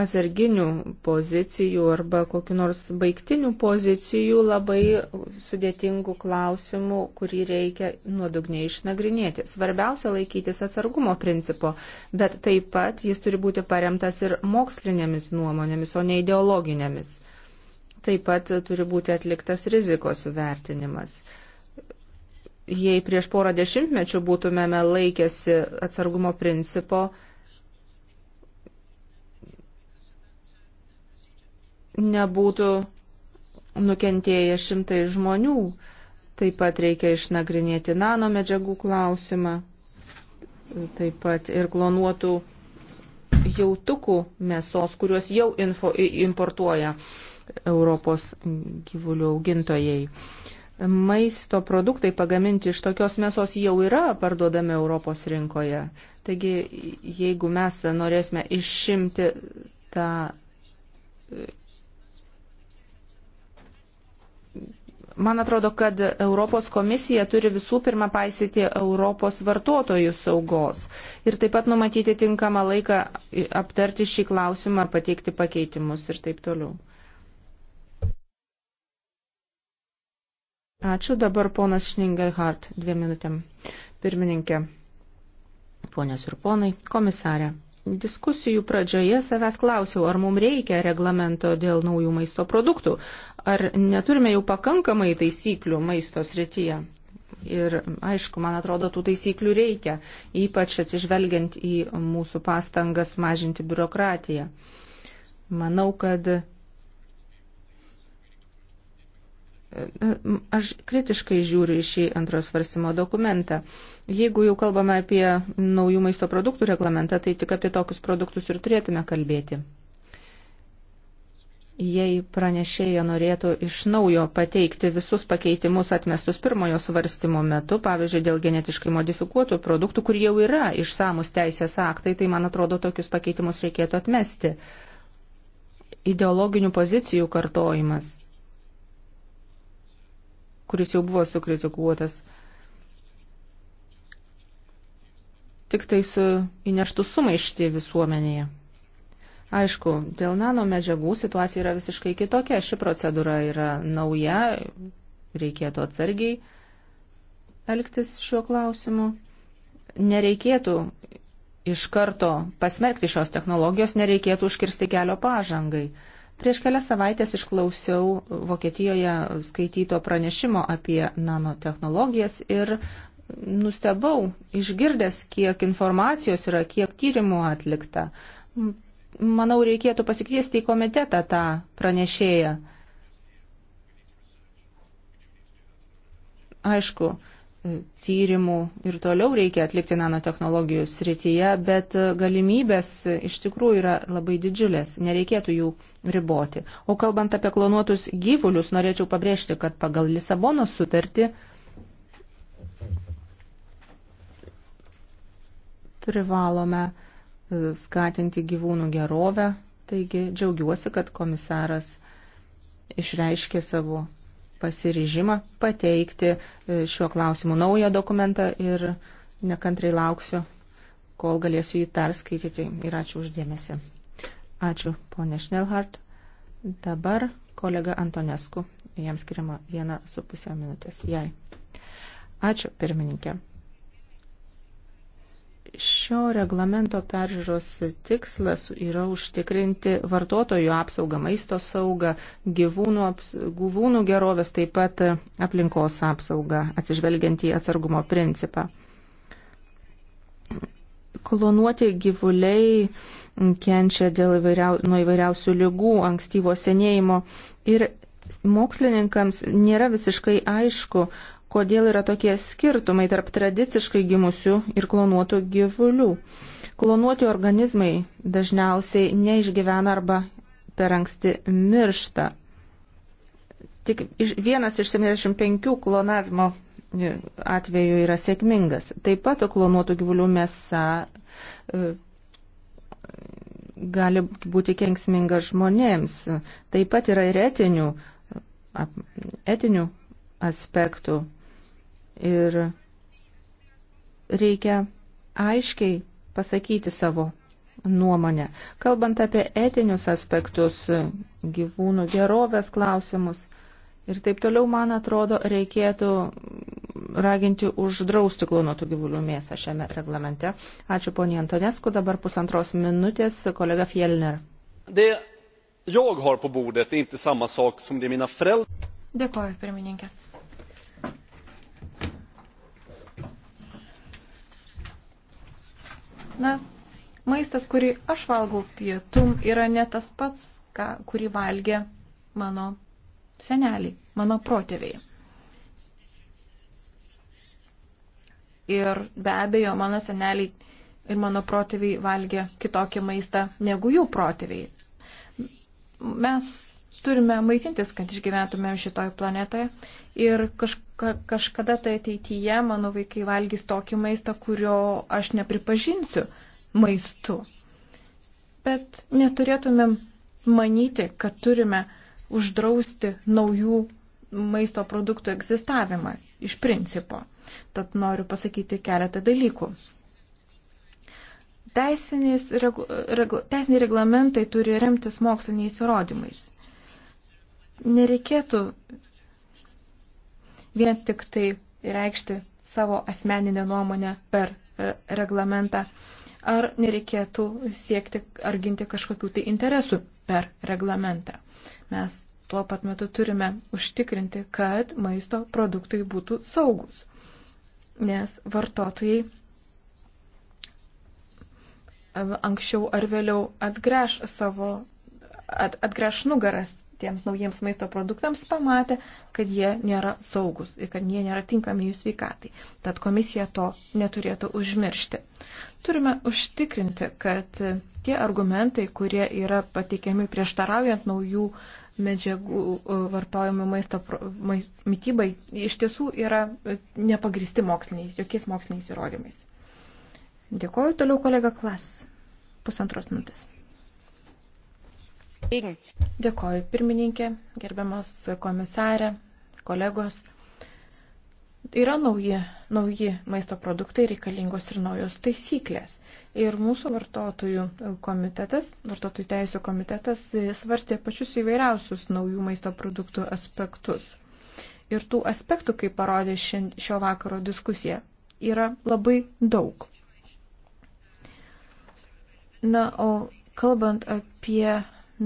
atsarginių pozicijų arba kokiu nors baigtinių pozicijų labai sudėtingų klausimų, kurį reikia nuodugniai išnagrinėti. Svarbiausia laikytis atsargumo principo, bet taip pat jis turi būti paremtas ir mokslinėmis nuomonėmis, o ne ideologinėmis. Taip pat turi būti atliktas rizikos vertinimas jei prieš porą dešimtmečių būtumėme laikėsi atsargumo principo, nebūtų nukentėję šimtai žmonių. Taip pat reikia išnagrinėti nano medžiagų klausimą, taip pat ir klonuotų jautukų mėsos, kuriuos jau info, importuoja Europos gyvulių augintojai. Uh, maisto produktai pagaminti iš tokios mėsos jau yra parduodami Europos rinkoje. Taigi, jeigu mes norėsime išimti tą Man atrodo, kad Europos komisija turi visų pirma paisyti Europos vartotojų saugos ir taip pat numatyti tinkamą laiką aptarti šį klausimą, pateikti pakeitimus ir taip toliau. Ačiū dabar ponas Šningelhardt, dviem minutėm. Pirmininkė, ponios ir ponai, komisarė. Diskusijų pradžioje savęs klausiau, ar mums reikia reglamento dėl naujų maisto produktų, ar neturime jau pakankamai taisyklių maisto srityje. Ir aišku, man atrodo, tų taisyklių reikia, ypač atsižvelgiant į mūsų pastangas mažinti biurokratiją. Manau, kad Aš kritiškai žiūriu į šį antros svarstymo dokumentą. Jeigu jau kalbame apie naujų maisto produktų reglamentą, tai tik apie tokius produktus ir turėtume kalbėti. Jei pranešėja norėtų iš naujo pateikti visus pakeitimus atmestus pirmojo svarstymo metu, pavyzdžiui, dėl genetiškai modifikuotų produktų, kur jau yra išsamus teisės aktai, tai man atrodo, tokius pakeitimus reikėtų atmesti. Ideologinių pozicijų kartojimas kuris jau buvo sukritikuotas. Tik tai su įneštų sumaišti visuomenėje. Aišku, dėl nano medžiagų situacija yra visiškai kitokia. Ši procedūra yra nauja, reikėtų atsargiai elgtis šiuo klausimu. Nereikėtų iš karto pasmerkti šios technologijos, nereikėtų užkirsti kelio pažangai. Prieš kelias savaitės išklausiau Vokietijoje skaityto pranešimo apie nanotehnologijas ir nustebau, išgirdęs, kiek informacijos yra, kiek tyrimų atlikta. Manau, reikėtų pasikviesti į komitetą tą pranešėją. Aišku, tyrimų ir toliau reikia atlikti nanotehnologijų srityje, bet galimybės iš tikrųjų yra labai didžiulės, nereikėtų jų riboti. O kalbant apie klonuotus gyvulius, norėčiau pabrėžti, kad pagal Lisabonos sutartį privalome e, skatinti gyvūnų gerovę, taigi džiaugiuosi, kad komisaras išreiškė savo pasiryžimą pateikti e, šiuo klausimu naują dokumentą ir nekantrai lauksiu, kol galėsiu jį perskaityti. Ir ačiū uždėmesi. Ačiū, ponė Šnelhart. Dabar kolega Antonesku, jam skiriama viena su pusė minutės. Jai. Ačiū, pirmininkė. Šio reglamento peržiūros tikslas yra užtikrinti vartotojų apsaugą, maisto saugą, gyvūnų, aps, gyvūnų gerovės, taip pat aplinkos apsaugą, atsižvelgiant į atsargumo principą. Klonuoti gyvuliai kenčia įvairiau, nuo įvairiausių lygų, ankstyvo senėjimo ir mokslininkams nėra visiškai aišku, kodėl yra tokie skirtumai tarp tradiciškai gimusių ir klonuotų gyvulių. Klonuoti organizmai dažniausiai neišgyvena arba per anksti miršta. Tik vienas iš 75 klonavimo e, atveju yra sėkmingas. Taip pat klonuotų gyvulių mėsa e, gali būti kenksminga žmonėms. Taip pat yra ir etinių, etinių aspektų. Ir reikia aiškiai pasakyti savo nuomonę. Kalbant apie etinius aspektus, gyvūnų gerovės klausimus ir taip toliau, man atrodo, reikėtų raginti uždrausti klonuotų gyvulių mėsą šiame reglamente. Ačiū poniai Antonesku, dabar pusantros minutės kolega Fielner. De... Jag har på bordet är inte samma sak som det mina föräldrar. Dėkoju, pirmininkė. Na, maistas, kurį aš valgau pietum, yra ne tas pats, ką, kurį valgė mano seneliai, mano protėviai. Ir be abejo, mano seneliai ir mano protėviai valgė kitokį maistą negu jų protėviai. Mes turime maitintis, kad išgyventumėm šitoj planetoje. Ir kažka, kažkada tai ateityje mano vaikai valgys tokį maistą, kurio aš nepripažinsiu maistu. Bet neturėtumėm manyti, kad turime uždrausti naujų maisto produktų egzistavimą iš principo. Tad noriu pasakyti keletą dalykų. Teisiniai regl reglamentai turi remtis moksliniais įrodymais nereikėtų vien tik tai reikšti savo asmeninę nuomonę per e, reglamentą, ar nereikėtų siekti ar ginti kažkokių tai interesų per reglamentą. Mes tuo pat metu turime užtikrinti, kad maisto produktai būtų saugus, nes vartotojai anksčiau ar vėliau atgręž savo, at, atgręž nugaras tiems naujiems maisto produktams, pamatė, kad jie nėra saugus ir kad jie nėra tinkami jų sveikatai. Tad komisija to neturėtų užmiršti. Turime užtikrinti, kad tie argumentai, kurie yra pateikiami prieštaraujant naujų medžiagų e, vartojimo maisto maist, mytybai, iš tiesų yra e, nepagristi moksliniais, jokiais moksliniais įrodymais. Dėkoju toliau kolega Klas. Pusantros minutės. Dėkoju pirmininkė, gerbiamas komisarė, kolegos. Yra nauji, nauji maisto produktai, reikalingos ir naujos taisyklės. Ir mūsų vartotojų komitetas, vartotojų teisų komitetas svarstė pačius įvairiausius naujų maisto produktų aspektus. Ir tų aspektų, kaip parodė šio vakaro diskusija, yra labai daug. Na, o kalbant apie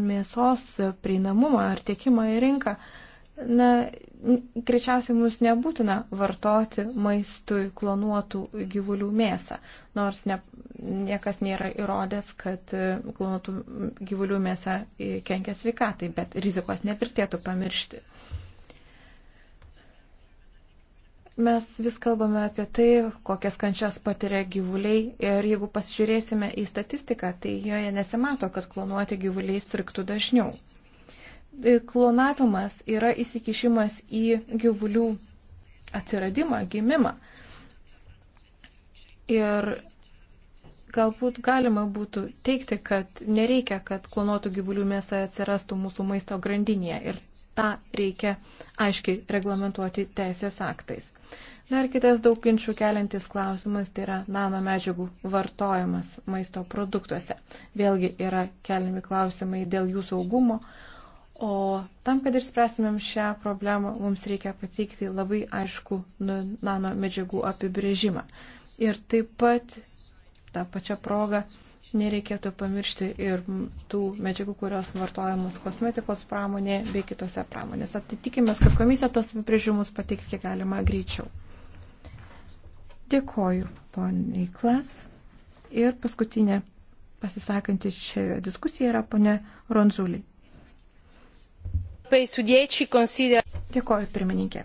mėsos prieinamumą ar tiekimą į rinką. Na, greičiausiai mums nebūtina vartoti maistui klonuotų gyvulių mėsą, nors ne, niekas nėra įrodęs, kad e, klonuotų gyvulių mėsa e, kenkia sveikatai, bet rizikos nevertėtų pamiršti. Mes vis kalbame apie tai, kokias kančias patiria gyvuliai ir jeigu pasižiūrėsime į statistiką, tai joje nesimato, kad klonuoti gyvuliai sirgtų dažniau. E, Klonavimas yra įsikišimas į gyvulių atsiradimą, gimimą. Ir galbūt galima būtų teikti, kad nereikia, kad klonuotų gyvulių mėsa atsirastų mūsų maisto grandinėje ir tą reikia aiškiai reglamentuoti teisės aktais. Dar kitas daug ginčių keliantis klausimas tai yra nanomedžiagų vartojimas maisto produktuose. Vėlgi yra keliami klausimai dėl jų saugumo, o tam, kad išspręstumėm šią problemą, mums reikia pateikti labai aišku nu, nanomedžiagų apibrėžimą. Ir taip pat tą pačią progą nereikėtų pamiršti ir tų medžiagų, kurios vartojamos kosmetikos pramonėje bei kitose pramonėse. Tai tikimės, kad komisija tos apibrėžimus pateiks kiek galima greičiau. Dėkoju, poniai Klas. Ir paskutinė pasisakanti šioje diskusijoje yra ponė Ronzulį. Dėkoju, pirmininkė.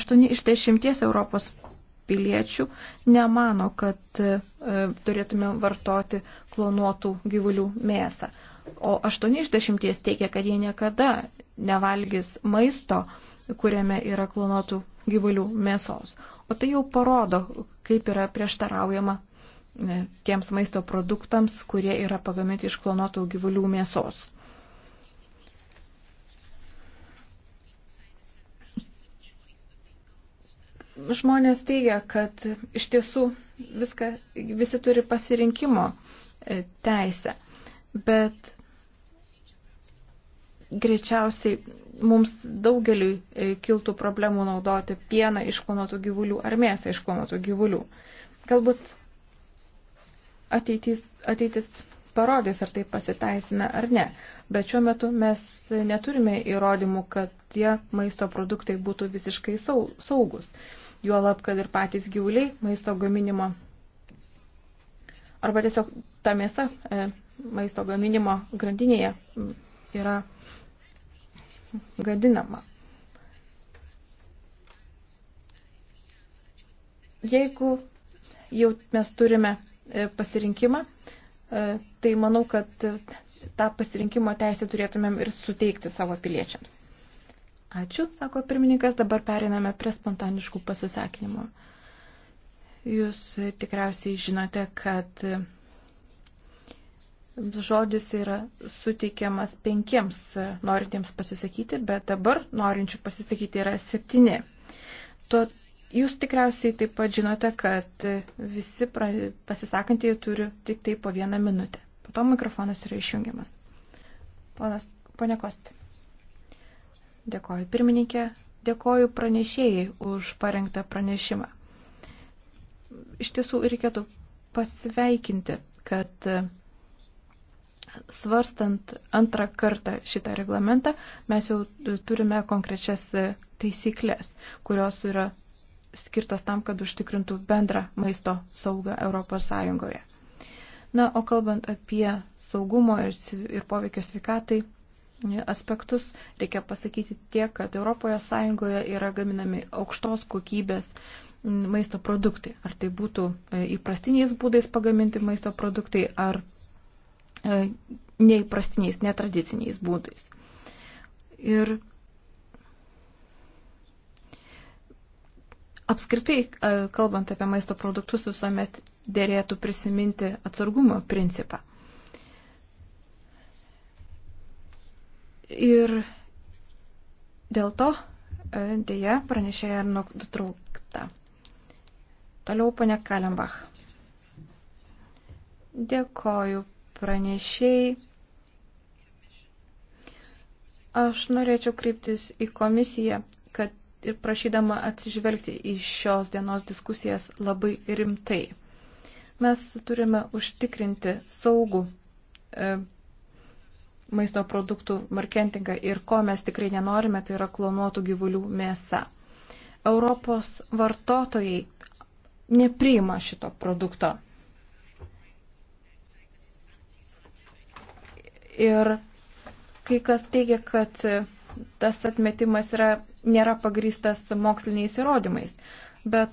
8 iš 10 Europos piliečių nemano, kad e, turėtume vartoti klonuotų gyvulių mėsą. O 8 iš 10 teigia, kad jie niekada nevalgys maisto, kuriame yra klonuotų gyvulių mėsos. O tai jau parodo, kaip yra prieštaraujama e, tiems maisto produktams, kurie yra pagaminti iš klonotų gyvulių mėsos. Žmonės teigia, kad iš tiesų viską, visi turi pasirinkimo e, teisę, bet greičiausiai mums daugeliui e, kiltų problemų naudoti pieną iš klonotų gyvulių ar mėsą iš klonotų gyvulių. Galbūt ateitis, ateitis parodys, ar tai pasiteisina ar ne. Bet šiuo metu mes neturime įrodymų, kad tie maisto produktai būtų visiškai saugus. Juolab, kad ir patys gyvuliai maisto gaminimo arba tiesiog ta mėsa e, maisto gaminimo grandinėje yra gadinama. Jeigu jau mes turime e, pasirinkimą, e, tai manau, kad e, tą pasirinkimo teisę turėtumėm ir suteikti savo piliečiams. Ačiū, sako pirmininkas, dabar periname prie spontaniškų pasisakymų. Jūs tikriausiai žinote, kad žodis yra suteikiamas penkiems norintiems pasisakyti, bet dabar norinčių pasisakyti yra septyni. Tuo, jūs tikriausiai taip pat žinote, kad visi pra, pasisakantieji turi tik tai po vieną minutę. Po to mikrofonas yra išjungiamas. Ponas, ponė Kosti. Dėkoju pirmininkė, dėkoju pranešėjai už parengtą pranešimą. Iš tiesų reikėtų pasveikinti, kad svarstant antrą kartą šitą reglamentą, mes jau turime konkrečias taisyklės, kurios yra skirtos tam, kad užtikrintų bendrą maisto saugą ES. Na, o kalbant apie saugumo ir, ir poveikio sveikatai aspektus, reikia pasakyti tiek, kad ES yra gaminami aukštos kokybės maisto produktai. Ar tai būtų e, įprastiniais būdais pagaminti maisto produktai, ar E, neįprastiniais, netradiciniais būdais. Ir apskritai, e, kalbant apie maisto produktus, visuomet dėrėtų prisiminti atsargumo principą. Ir dėl to e, dėja pranešėja nutraukta. Toliau ponia Kalembach. Dėkoju, pranešiai. Aš norėčiau kryptis į komisiją, kad ir prašydama atsižvelgti į šios dienos diskusijas labai rimtai. Mes turime užtikrinti saugų e, maisto produktų marketingą ir ko mes tikrai nenorime, tai yra klonuotų gyvulių mėsa. Europos vartotojai nepriima šito produkto. Ir kai kas teigia, kad tas atmetimas yra, nėra pagrystas moksliniais įrodymais. Bet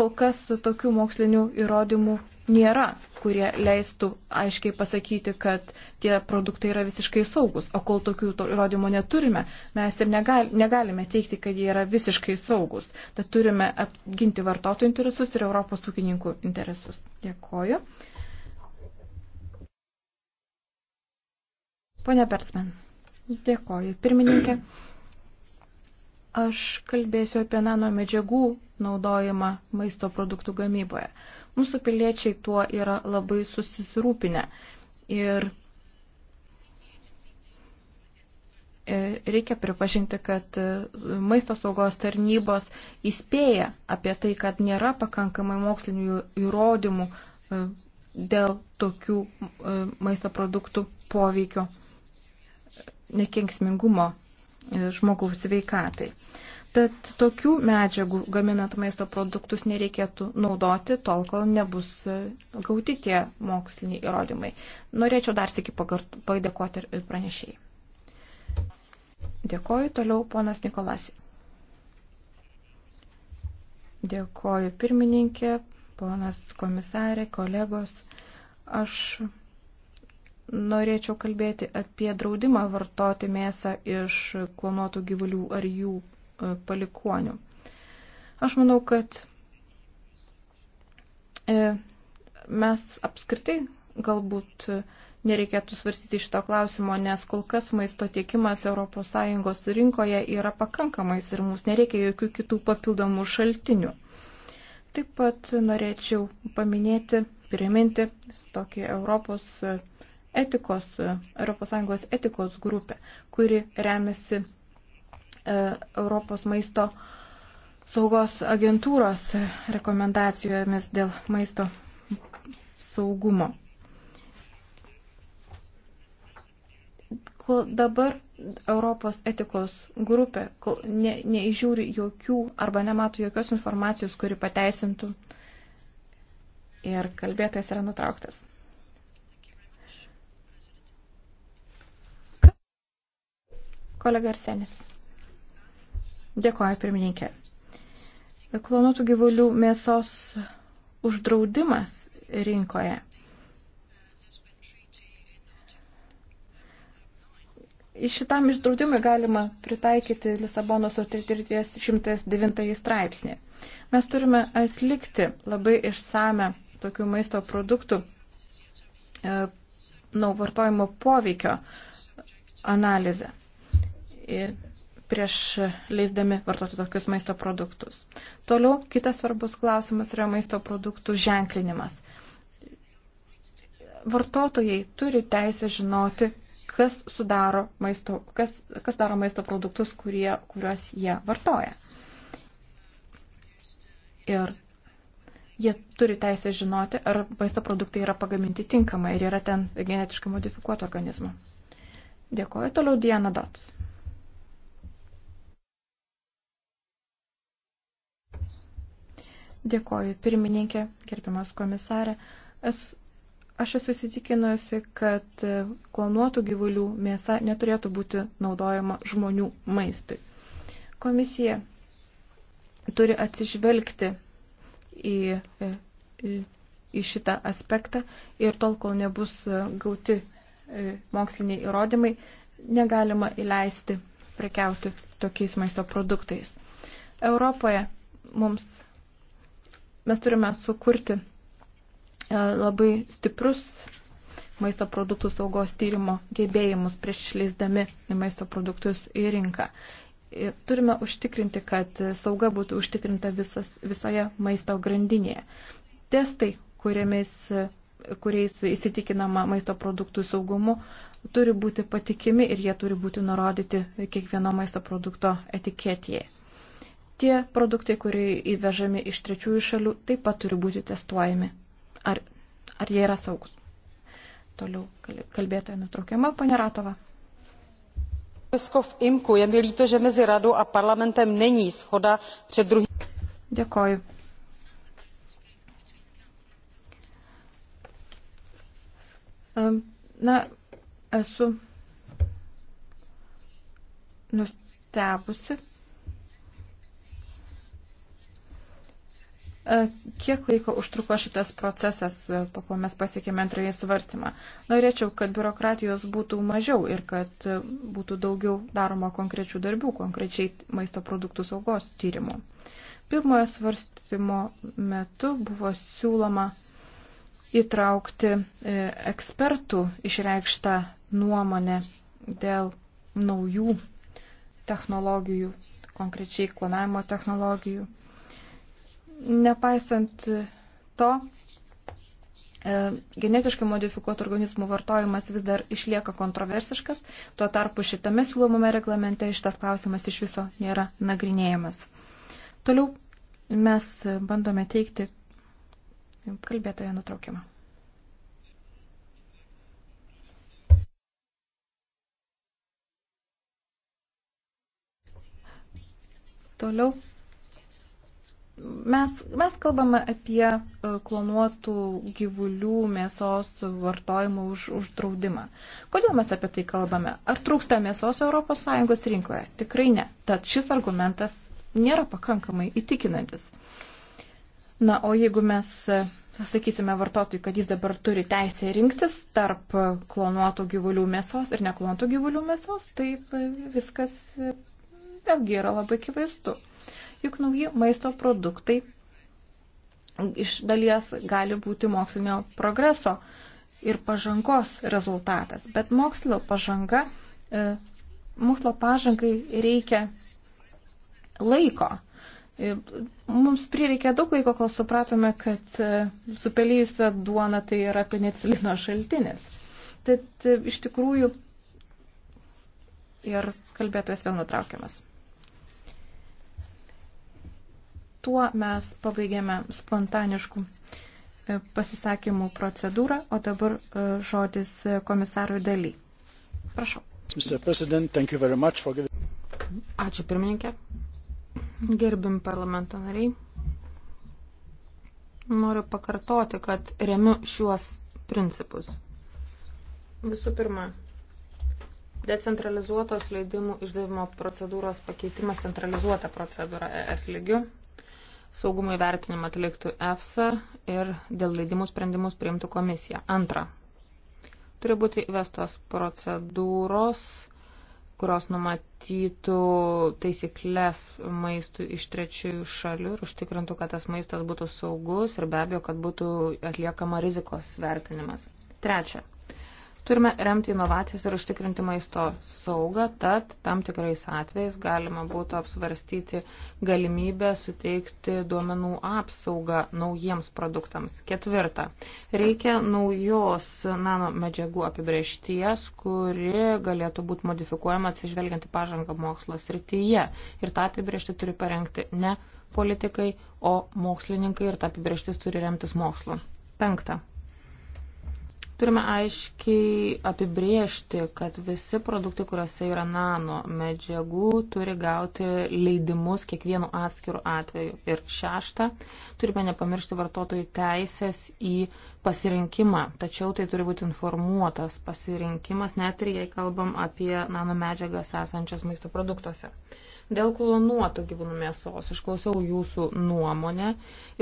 kol kas tokių mokslinių įrodymų nėra, kurie leistų aiškiai pasakyti, kad tie produktai yra visiškai saugus. O kol tokių įrodymų neturime, mes ir negal, negalime teikti, kad jie yra visiškai saugus. Tad turime apginti vartotojų interesus ir Europos ūkininkų interesus. Dėkoju. Pone Persman, dėkoju. Pirmininkė, aš kalbėsiu apie nano medžiagų naudojimą maisto produktų gamyboje. Mūsų piliečiai tuo yra labai susirūpinę. Ir e, reikia pripažinti, kad e, maisto saugos tarnybos įspėja apie tai, kad nėra pakankamai mokslinių įrodymų e, dėl tokių maisto produktų poveikio nekenksmingumo e, žmogaus veikatai. Tad tokių medžiagų gaminant maisto produktus nereikėtų naudoti tol, kol nebus e, gauti tie moksliniai įrodymai. Norėčiau dar sėki padėkoti ir pranešėjai. Dėkoju toliau ponas Nikolasi. Dėkoju pirmininkė, ponas komisarė, kolegos. Aš norėčiau kalbėti apie draudimą vartoti mėsą iš klonuotų gyvulių ar jų e, palikuonių. Aš manau, kad e, mes apskritai galbūt nereikėtų svarstyti šito klausimo, nes kol kas maisto tiekimas ES rinkoje yra pakankamais ir mums nereikia jokių kitų papildomų šaltinių. Taip pat norėčiau paminėti, priminti tokį Europos etikos, ES etikos grupė, kuri remiasi e, Europos maisto saugos agentūros rekomendacijomis dėl maisto saugumo. Kol dabar Europos etikos grupė ne, neižiūri jokių arba nemato jokios informacijos, kuri pateisintų ir kalbėtojas yra nutrauktas. Kolega Arsenis. Dėkoju, pirmininkė. Klonuotų gyvulių mėsos uždraudimas rinkoje Šitam išdraudimui galima pritaikyti Lisabono sutarties 109 straipsnį. Mes turime atlikti labai išsame tokių maisto produktų e, nauvartojimo poveikio analizę prieš leisdami vartoti tokius maisto produktus. Toliau kitas svarbus klausimas yra maisto produktų ženklinimas. Vartotojai turi teisę žinoti, kas, sudaro maisto, kas, kas daro maisto produktus, kurie, kuriuos jie vartoja. Ir jie turi teisę žinoti, ar maisto produktai yra pagaminti tinkamai ir yra ten genetiškai modifikuoto organizmo. Dėkuoju toliau Diana Dots. Dėkoju pirmininkė, gerbiamas komisarė. Esu, aš esu įsitikinusi, kad klonuotų gyvulių mėsa neturėtų būti naudojama žmonių maistui. Komisija turi atsižvelgti į, e, į šitą aspektą ir tol, kol nebus gauti e, moksliniai įrodymai, negalima įleisti prekiauti tokiais maisto produktais. Europoje mums Mes turime sukurti e, labai stiprus maisto produktų saugos tyrimo gebėjimus prieš išleisdami maisto produktus į rinką. Ir turime užtikrinti, kad sauga būtų užtikrinta visos, visoje maisto grandinėje. Testai, kuriamis, kuriais įsitikinama maisto produktų saugumu, turi būti patikimi ir jie turi būti nurodyti kiekvieno maisto produkto etiketėje tie produktai, kurie įvežami iš trečiųjų šalių, taip pat turi būti testuojami. Ar, ar jie yra saugus? Toliau kalbėtoja nutraukiama, ponia Ratova. Peskov Imku, je mi líto, že mezi radou a parlamentem není schoda před druhým. Děkuji. Na, esu nustebusi E, kiek laiko užtruko šitas procesas, e, po ko mes pasiekėme antrąjį svarstymą? Norėčiau, kad biurokratijos būtų mažiau ir kad e, būtų daugiau daroma konkrečių darbių, konkrečiai maisto produktų saugos tyrimų. Pirmojo svarstymo metu buvo siūloma įtraukti ekspertų išreikštą nuomonę dėl naujų technologijų, konkrečiai klonavimo technologijų. Nepaisant to, e, genetiškai modifikuotų organizmų vartojimas vis dar išlieka kontroversiškas, tuo tarpu šitame siūlomame reglamente šitas klausimas iš viso nėra nagrinėjamas. Toliau mes bandome teikti kalbėtojo nutraukimą. Toliau Mes, mes kalbame apie e, klonuotų gyvulių mėsos vartojimo už, uždraudimą. Kodėl mes apie tai kalbame? Ar trūksta mėsos ES rinkoje? Tikrai ne. Tad šis argumentas nėra pakankamai įtikinantis. Na, o jeigu mes e, sakysime vartotojui, kad jis dabar turi teisę rinktis tarp e, klonuotų gyvulių mėsos ir neklonuotų gyvulių mėsos, taip viskas vėlgi yra labai akivaizdu. Uh, juk nauji maisto produktai iš dalies gali būti mokslinio progreso ir pažangos rezultatas. Bet mokslo pažanga, e, mokslo pažangai reikia laiko. E, mums prireikė daug laiko, kol supratome, kad e, supelyjusią duoną tai yra penicilino šaltinis. Tad iš tikrųjų ir kalbėtojas vėl nutraukiamas. Tuo mes pabaigėme spontaniškų e, pasisakymų procedūrą, o dabar e, žodis komisarui daly. Prašau. Ačiū pirmininkė. Gerbim parlamento nariai. Noriu pakartoti, kad remiu šiuos principus. Visų pirma, decentralizuotos leidimų išdavimo procedūros pakeitimas centralizuota procedūra ES lygiu saugumo įvertinimą atliktų EFSA ir dėl leidimų sprendimus priimtų komisija. Antra, turi būti įvestos procedūros kurios numatytų taisyklės maistui iš trečiųjų šalių ir užtikrintų, kad tas maistas būtų saugus ir be abejo, kad būtų atliekama rizikos vertinimas. Trečia, Turime remti inovacijas ir užtikrinti maisto saugą, tad tam tikrais atvejais galima būtų apsvarstyti galimybę suteikti duomenų apsaugą naujiems produktams. Ketvirta, reikia naujos nano medžiagų apibriešties, kuri galėtų būti modifikuojama atsižvelgiant į pažangą mokslo srityje. Ir tą apibriešti turi parengti ne politikai, o mokslininkai ir ta apibrieštis turi remtis mokslu. Penkta. Turime aiškiai apibriežti, kad visi produktai, kuriuose yra nano medžiagų, turi gauti leidimus kiekvienu atskiru atveju. Ir šešta, turime nepamiršti vartotojų teisės į pasirinkimą, tačiau tai turi būti informuotas pasirinkimas, net ir jei kalbam apie nano medžiagas esančias maisto produktuose. Dėl klonuotų gyvūnų mėsos išklausiau jūsų nuomonę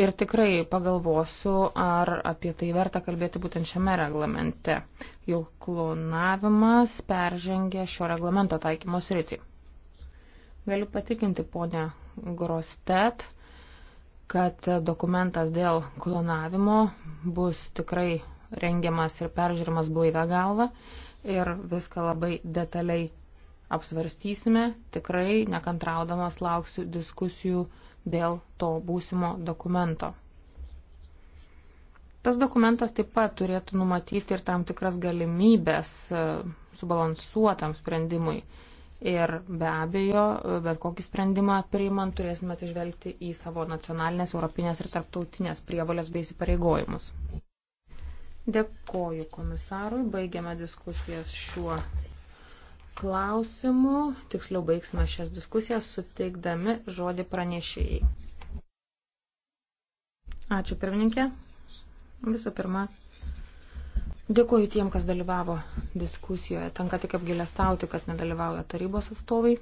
ir tikrai pagalvosiu, ar apie tai verta kalbėti būtent šiame reglamente. Jau klonavimas peržengia šio reglamento taikymo sritį. Galiu patikinti ponę Grostet, kad dokumentas dėl klonavimo bus tikrai rengiamas ir peržiūrimas blaivę galvą ir viską labai detaliai apsvarstysime, tikrai nekantraudamas lauksiu diskusijų dėl to būsimo dokumento. Tas dokumentas taip pat turėtų numatyti ir tam tikras galimybės e, subalansuotam sprendimui. Ir be abejo, e, bet kokį sprendimą priimant turėsime atsižvelgti į savo nacionalinės, europinės ir tarptautinės prievalės bei įsipareigojimus. Dėkoju komisarui, baigiame diskusijas šiuo klausimų. Tiksliau baigsime šias diskusijas suteikdami žodį pranešėjai. Ačiū pirmininkė. Visų pirma, dėkuoju tiem, kas dalyvavo diskusijoje. Tenka tik apgėlestauti, kad nedalyvauja tarybos atstovai.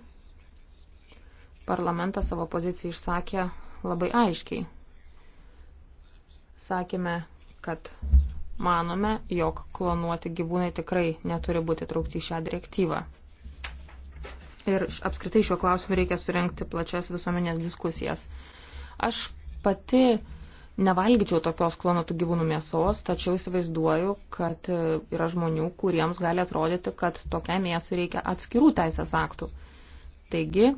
Parlamentas savo poziciją išsakė labai aiškiai. Sakėme, kad manome, jog klonuoti gyvūnai tikrai neturi būti traukti į šią direktyvą ir apskritai šiuo klausimu reikia surenkti plačias visuomenės diskusijas. Aš pati nevalgyčiau tokios klonotų gyvūnų mėsos, tačiau įsivaizduoju, kad e, yra žmonių, kuriems gali atrodyti, kad tokia mėsai reikia atskirų teisės aktų. Taigi,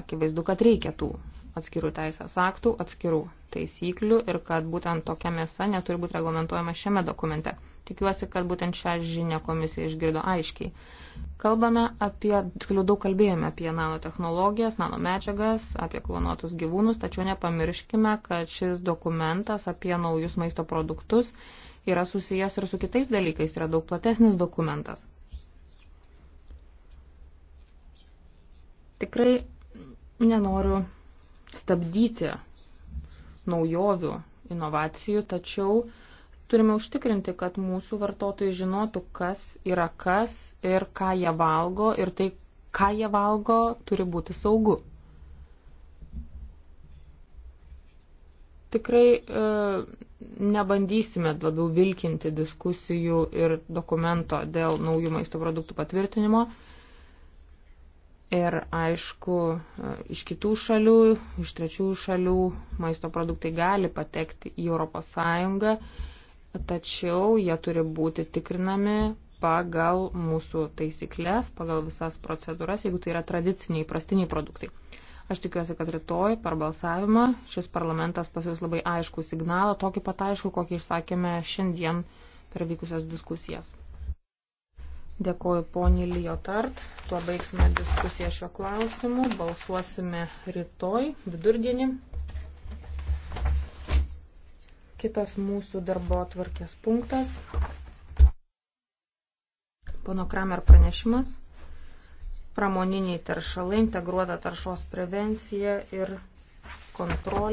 akivaizdu, kad reikia tų atskirų teisės aktų, atskirų taisyklių ir kad būtent tokia mėsa neturi būti reglamentuojama šiame dokumente. Tikiuosi, kad būtent šią žinią komisija išgirdo aiškiai. Kalbame apie, tiksliau daug kalbėjome apie nanotehnologijas, nanomedžiagas, apie klonuotus gyvūnus, tačiau nepamirškime, kad šis dokumentas apie naujus maisto produktus yra susijęs ir su kitais dalykais, yra daug platesnis dokumentas. Tikrai nenoriu stabdyti naujovių, inovacijų, tačiau Turime užtikrinti, kad mūsų vartotojai žinotų, kas yra kas ir ką jie valgo ir tai, ką jie valgo, turi būti saugu. Tikrai e, nebandysime labiau vilkinti diskusijų ir dokumento dėl naujų maisto produktų patvirtinimo. Ir aišku, e, iš kitų šalių, iš trečiųjų šalių maisto produktai gali patekti į ES tačiau jie turi būti tikrinami pagal mūsų taisyklės, pagal visas procedūras, jeigu tai yra tradiciniai, prastiniai produktai. Aš tikiuosi, kad rytoj per balsavimą šis parlamentas pasiūs labai aišku signalą, tokį pat aišku, kokį išsakėme šiandien per vykusias diskusijas. Dėkoju poniai Liotart. Tuo baigsime diskusiją šiuo klausimu. Balsuosime rytoj vidurdienį. Kitas mūsų darbo atvarkės punktas. Pono Kramer pranešimas. Pramoniniai teršalai, integruota taršos prevencija ir kontrolė.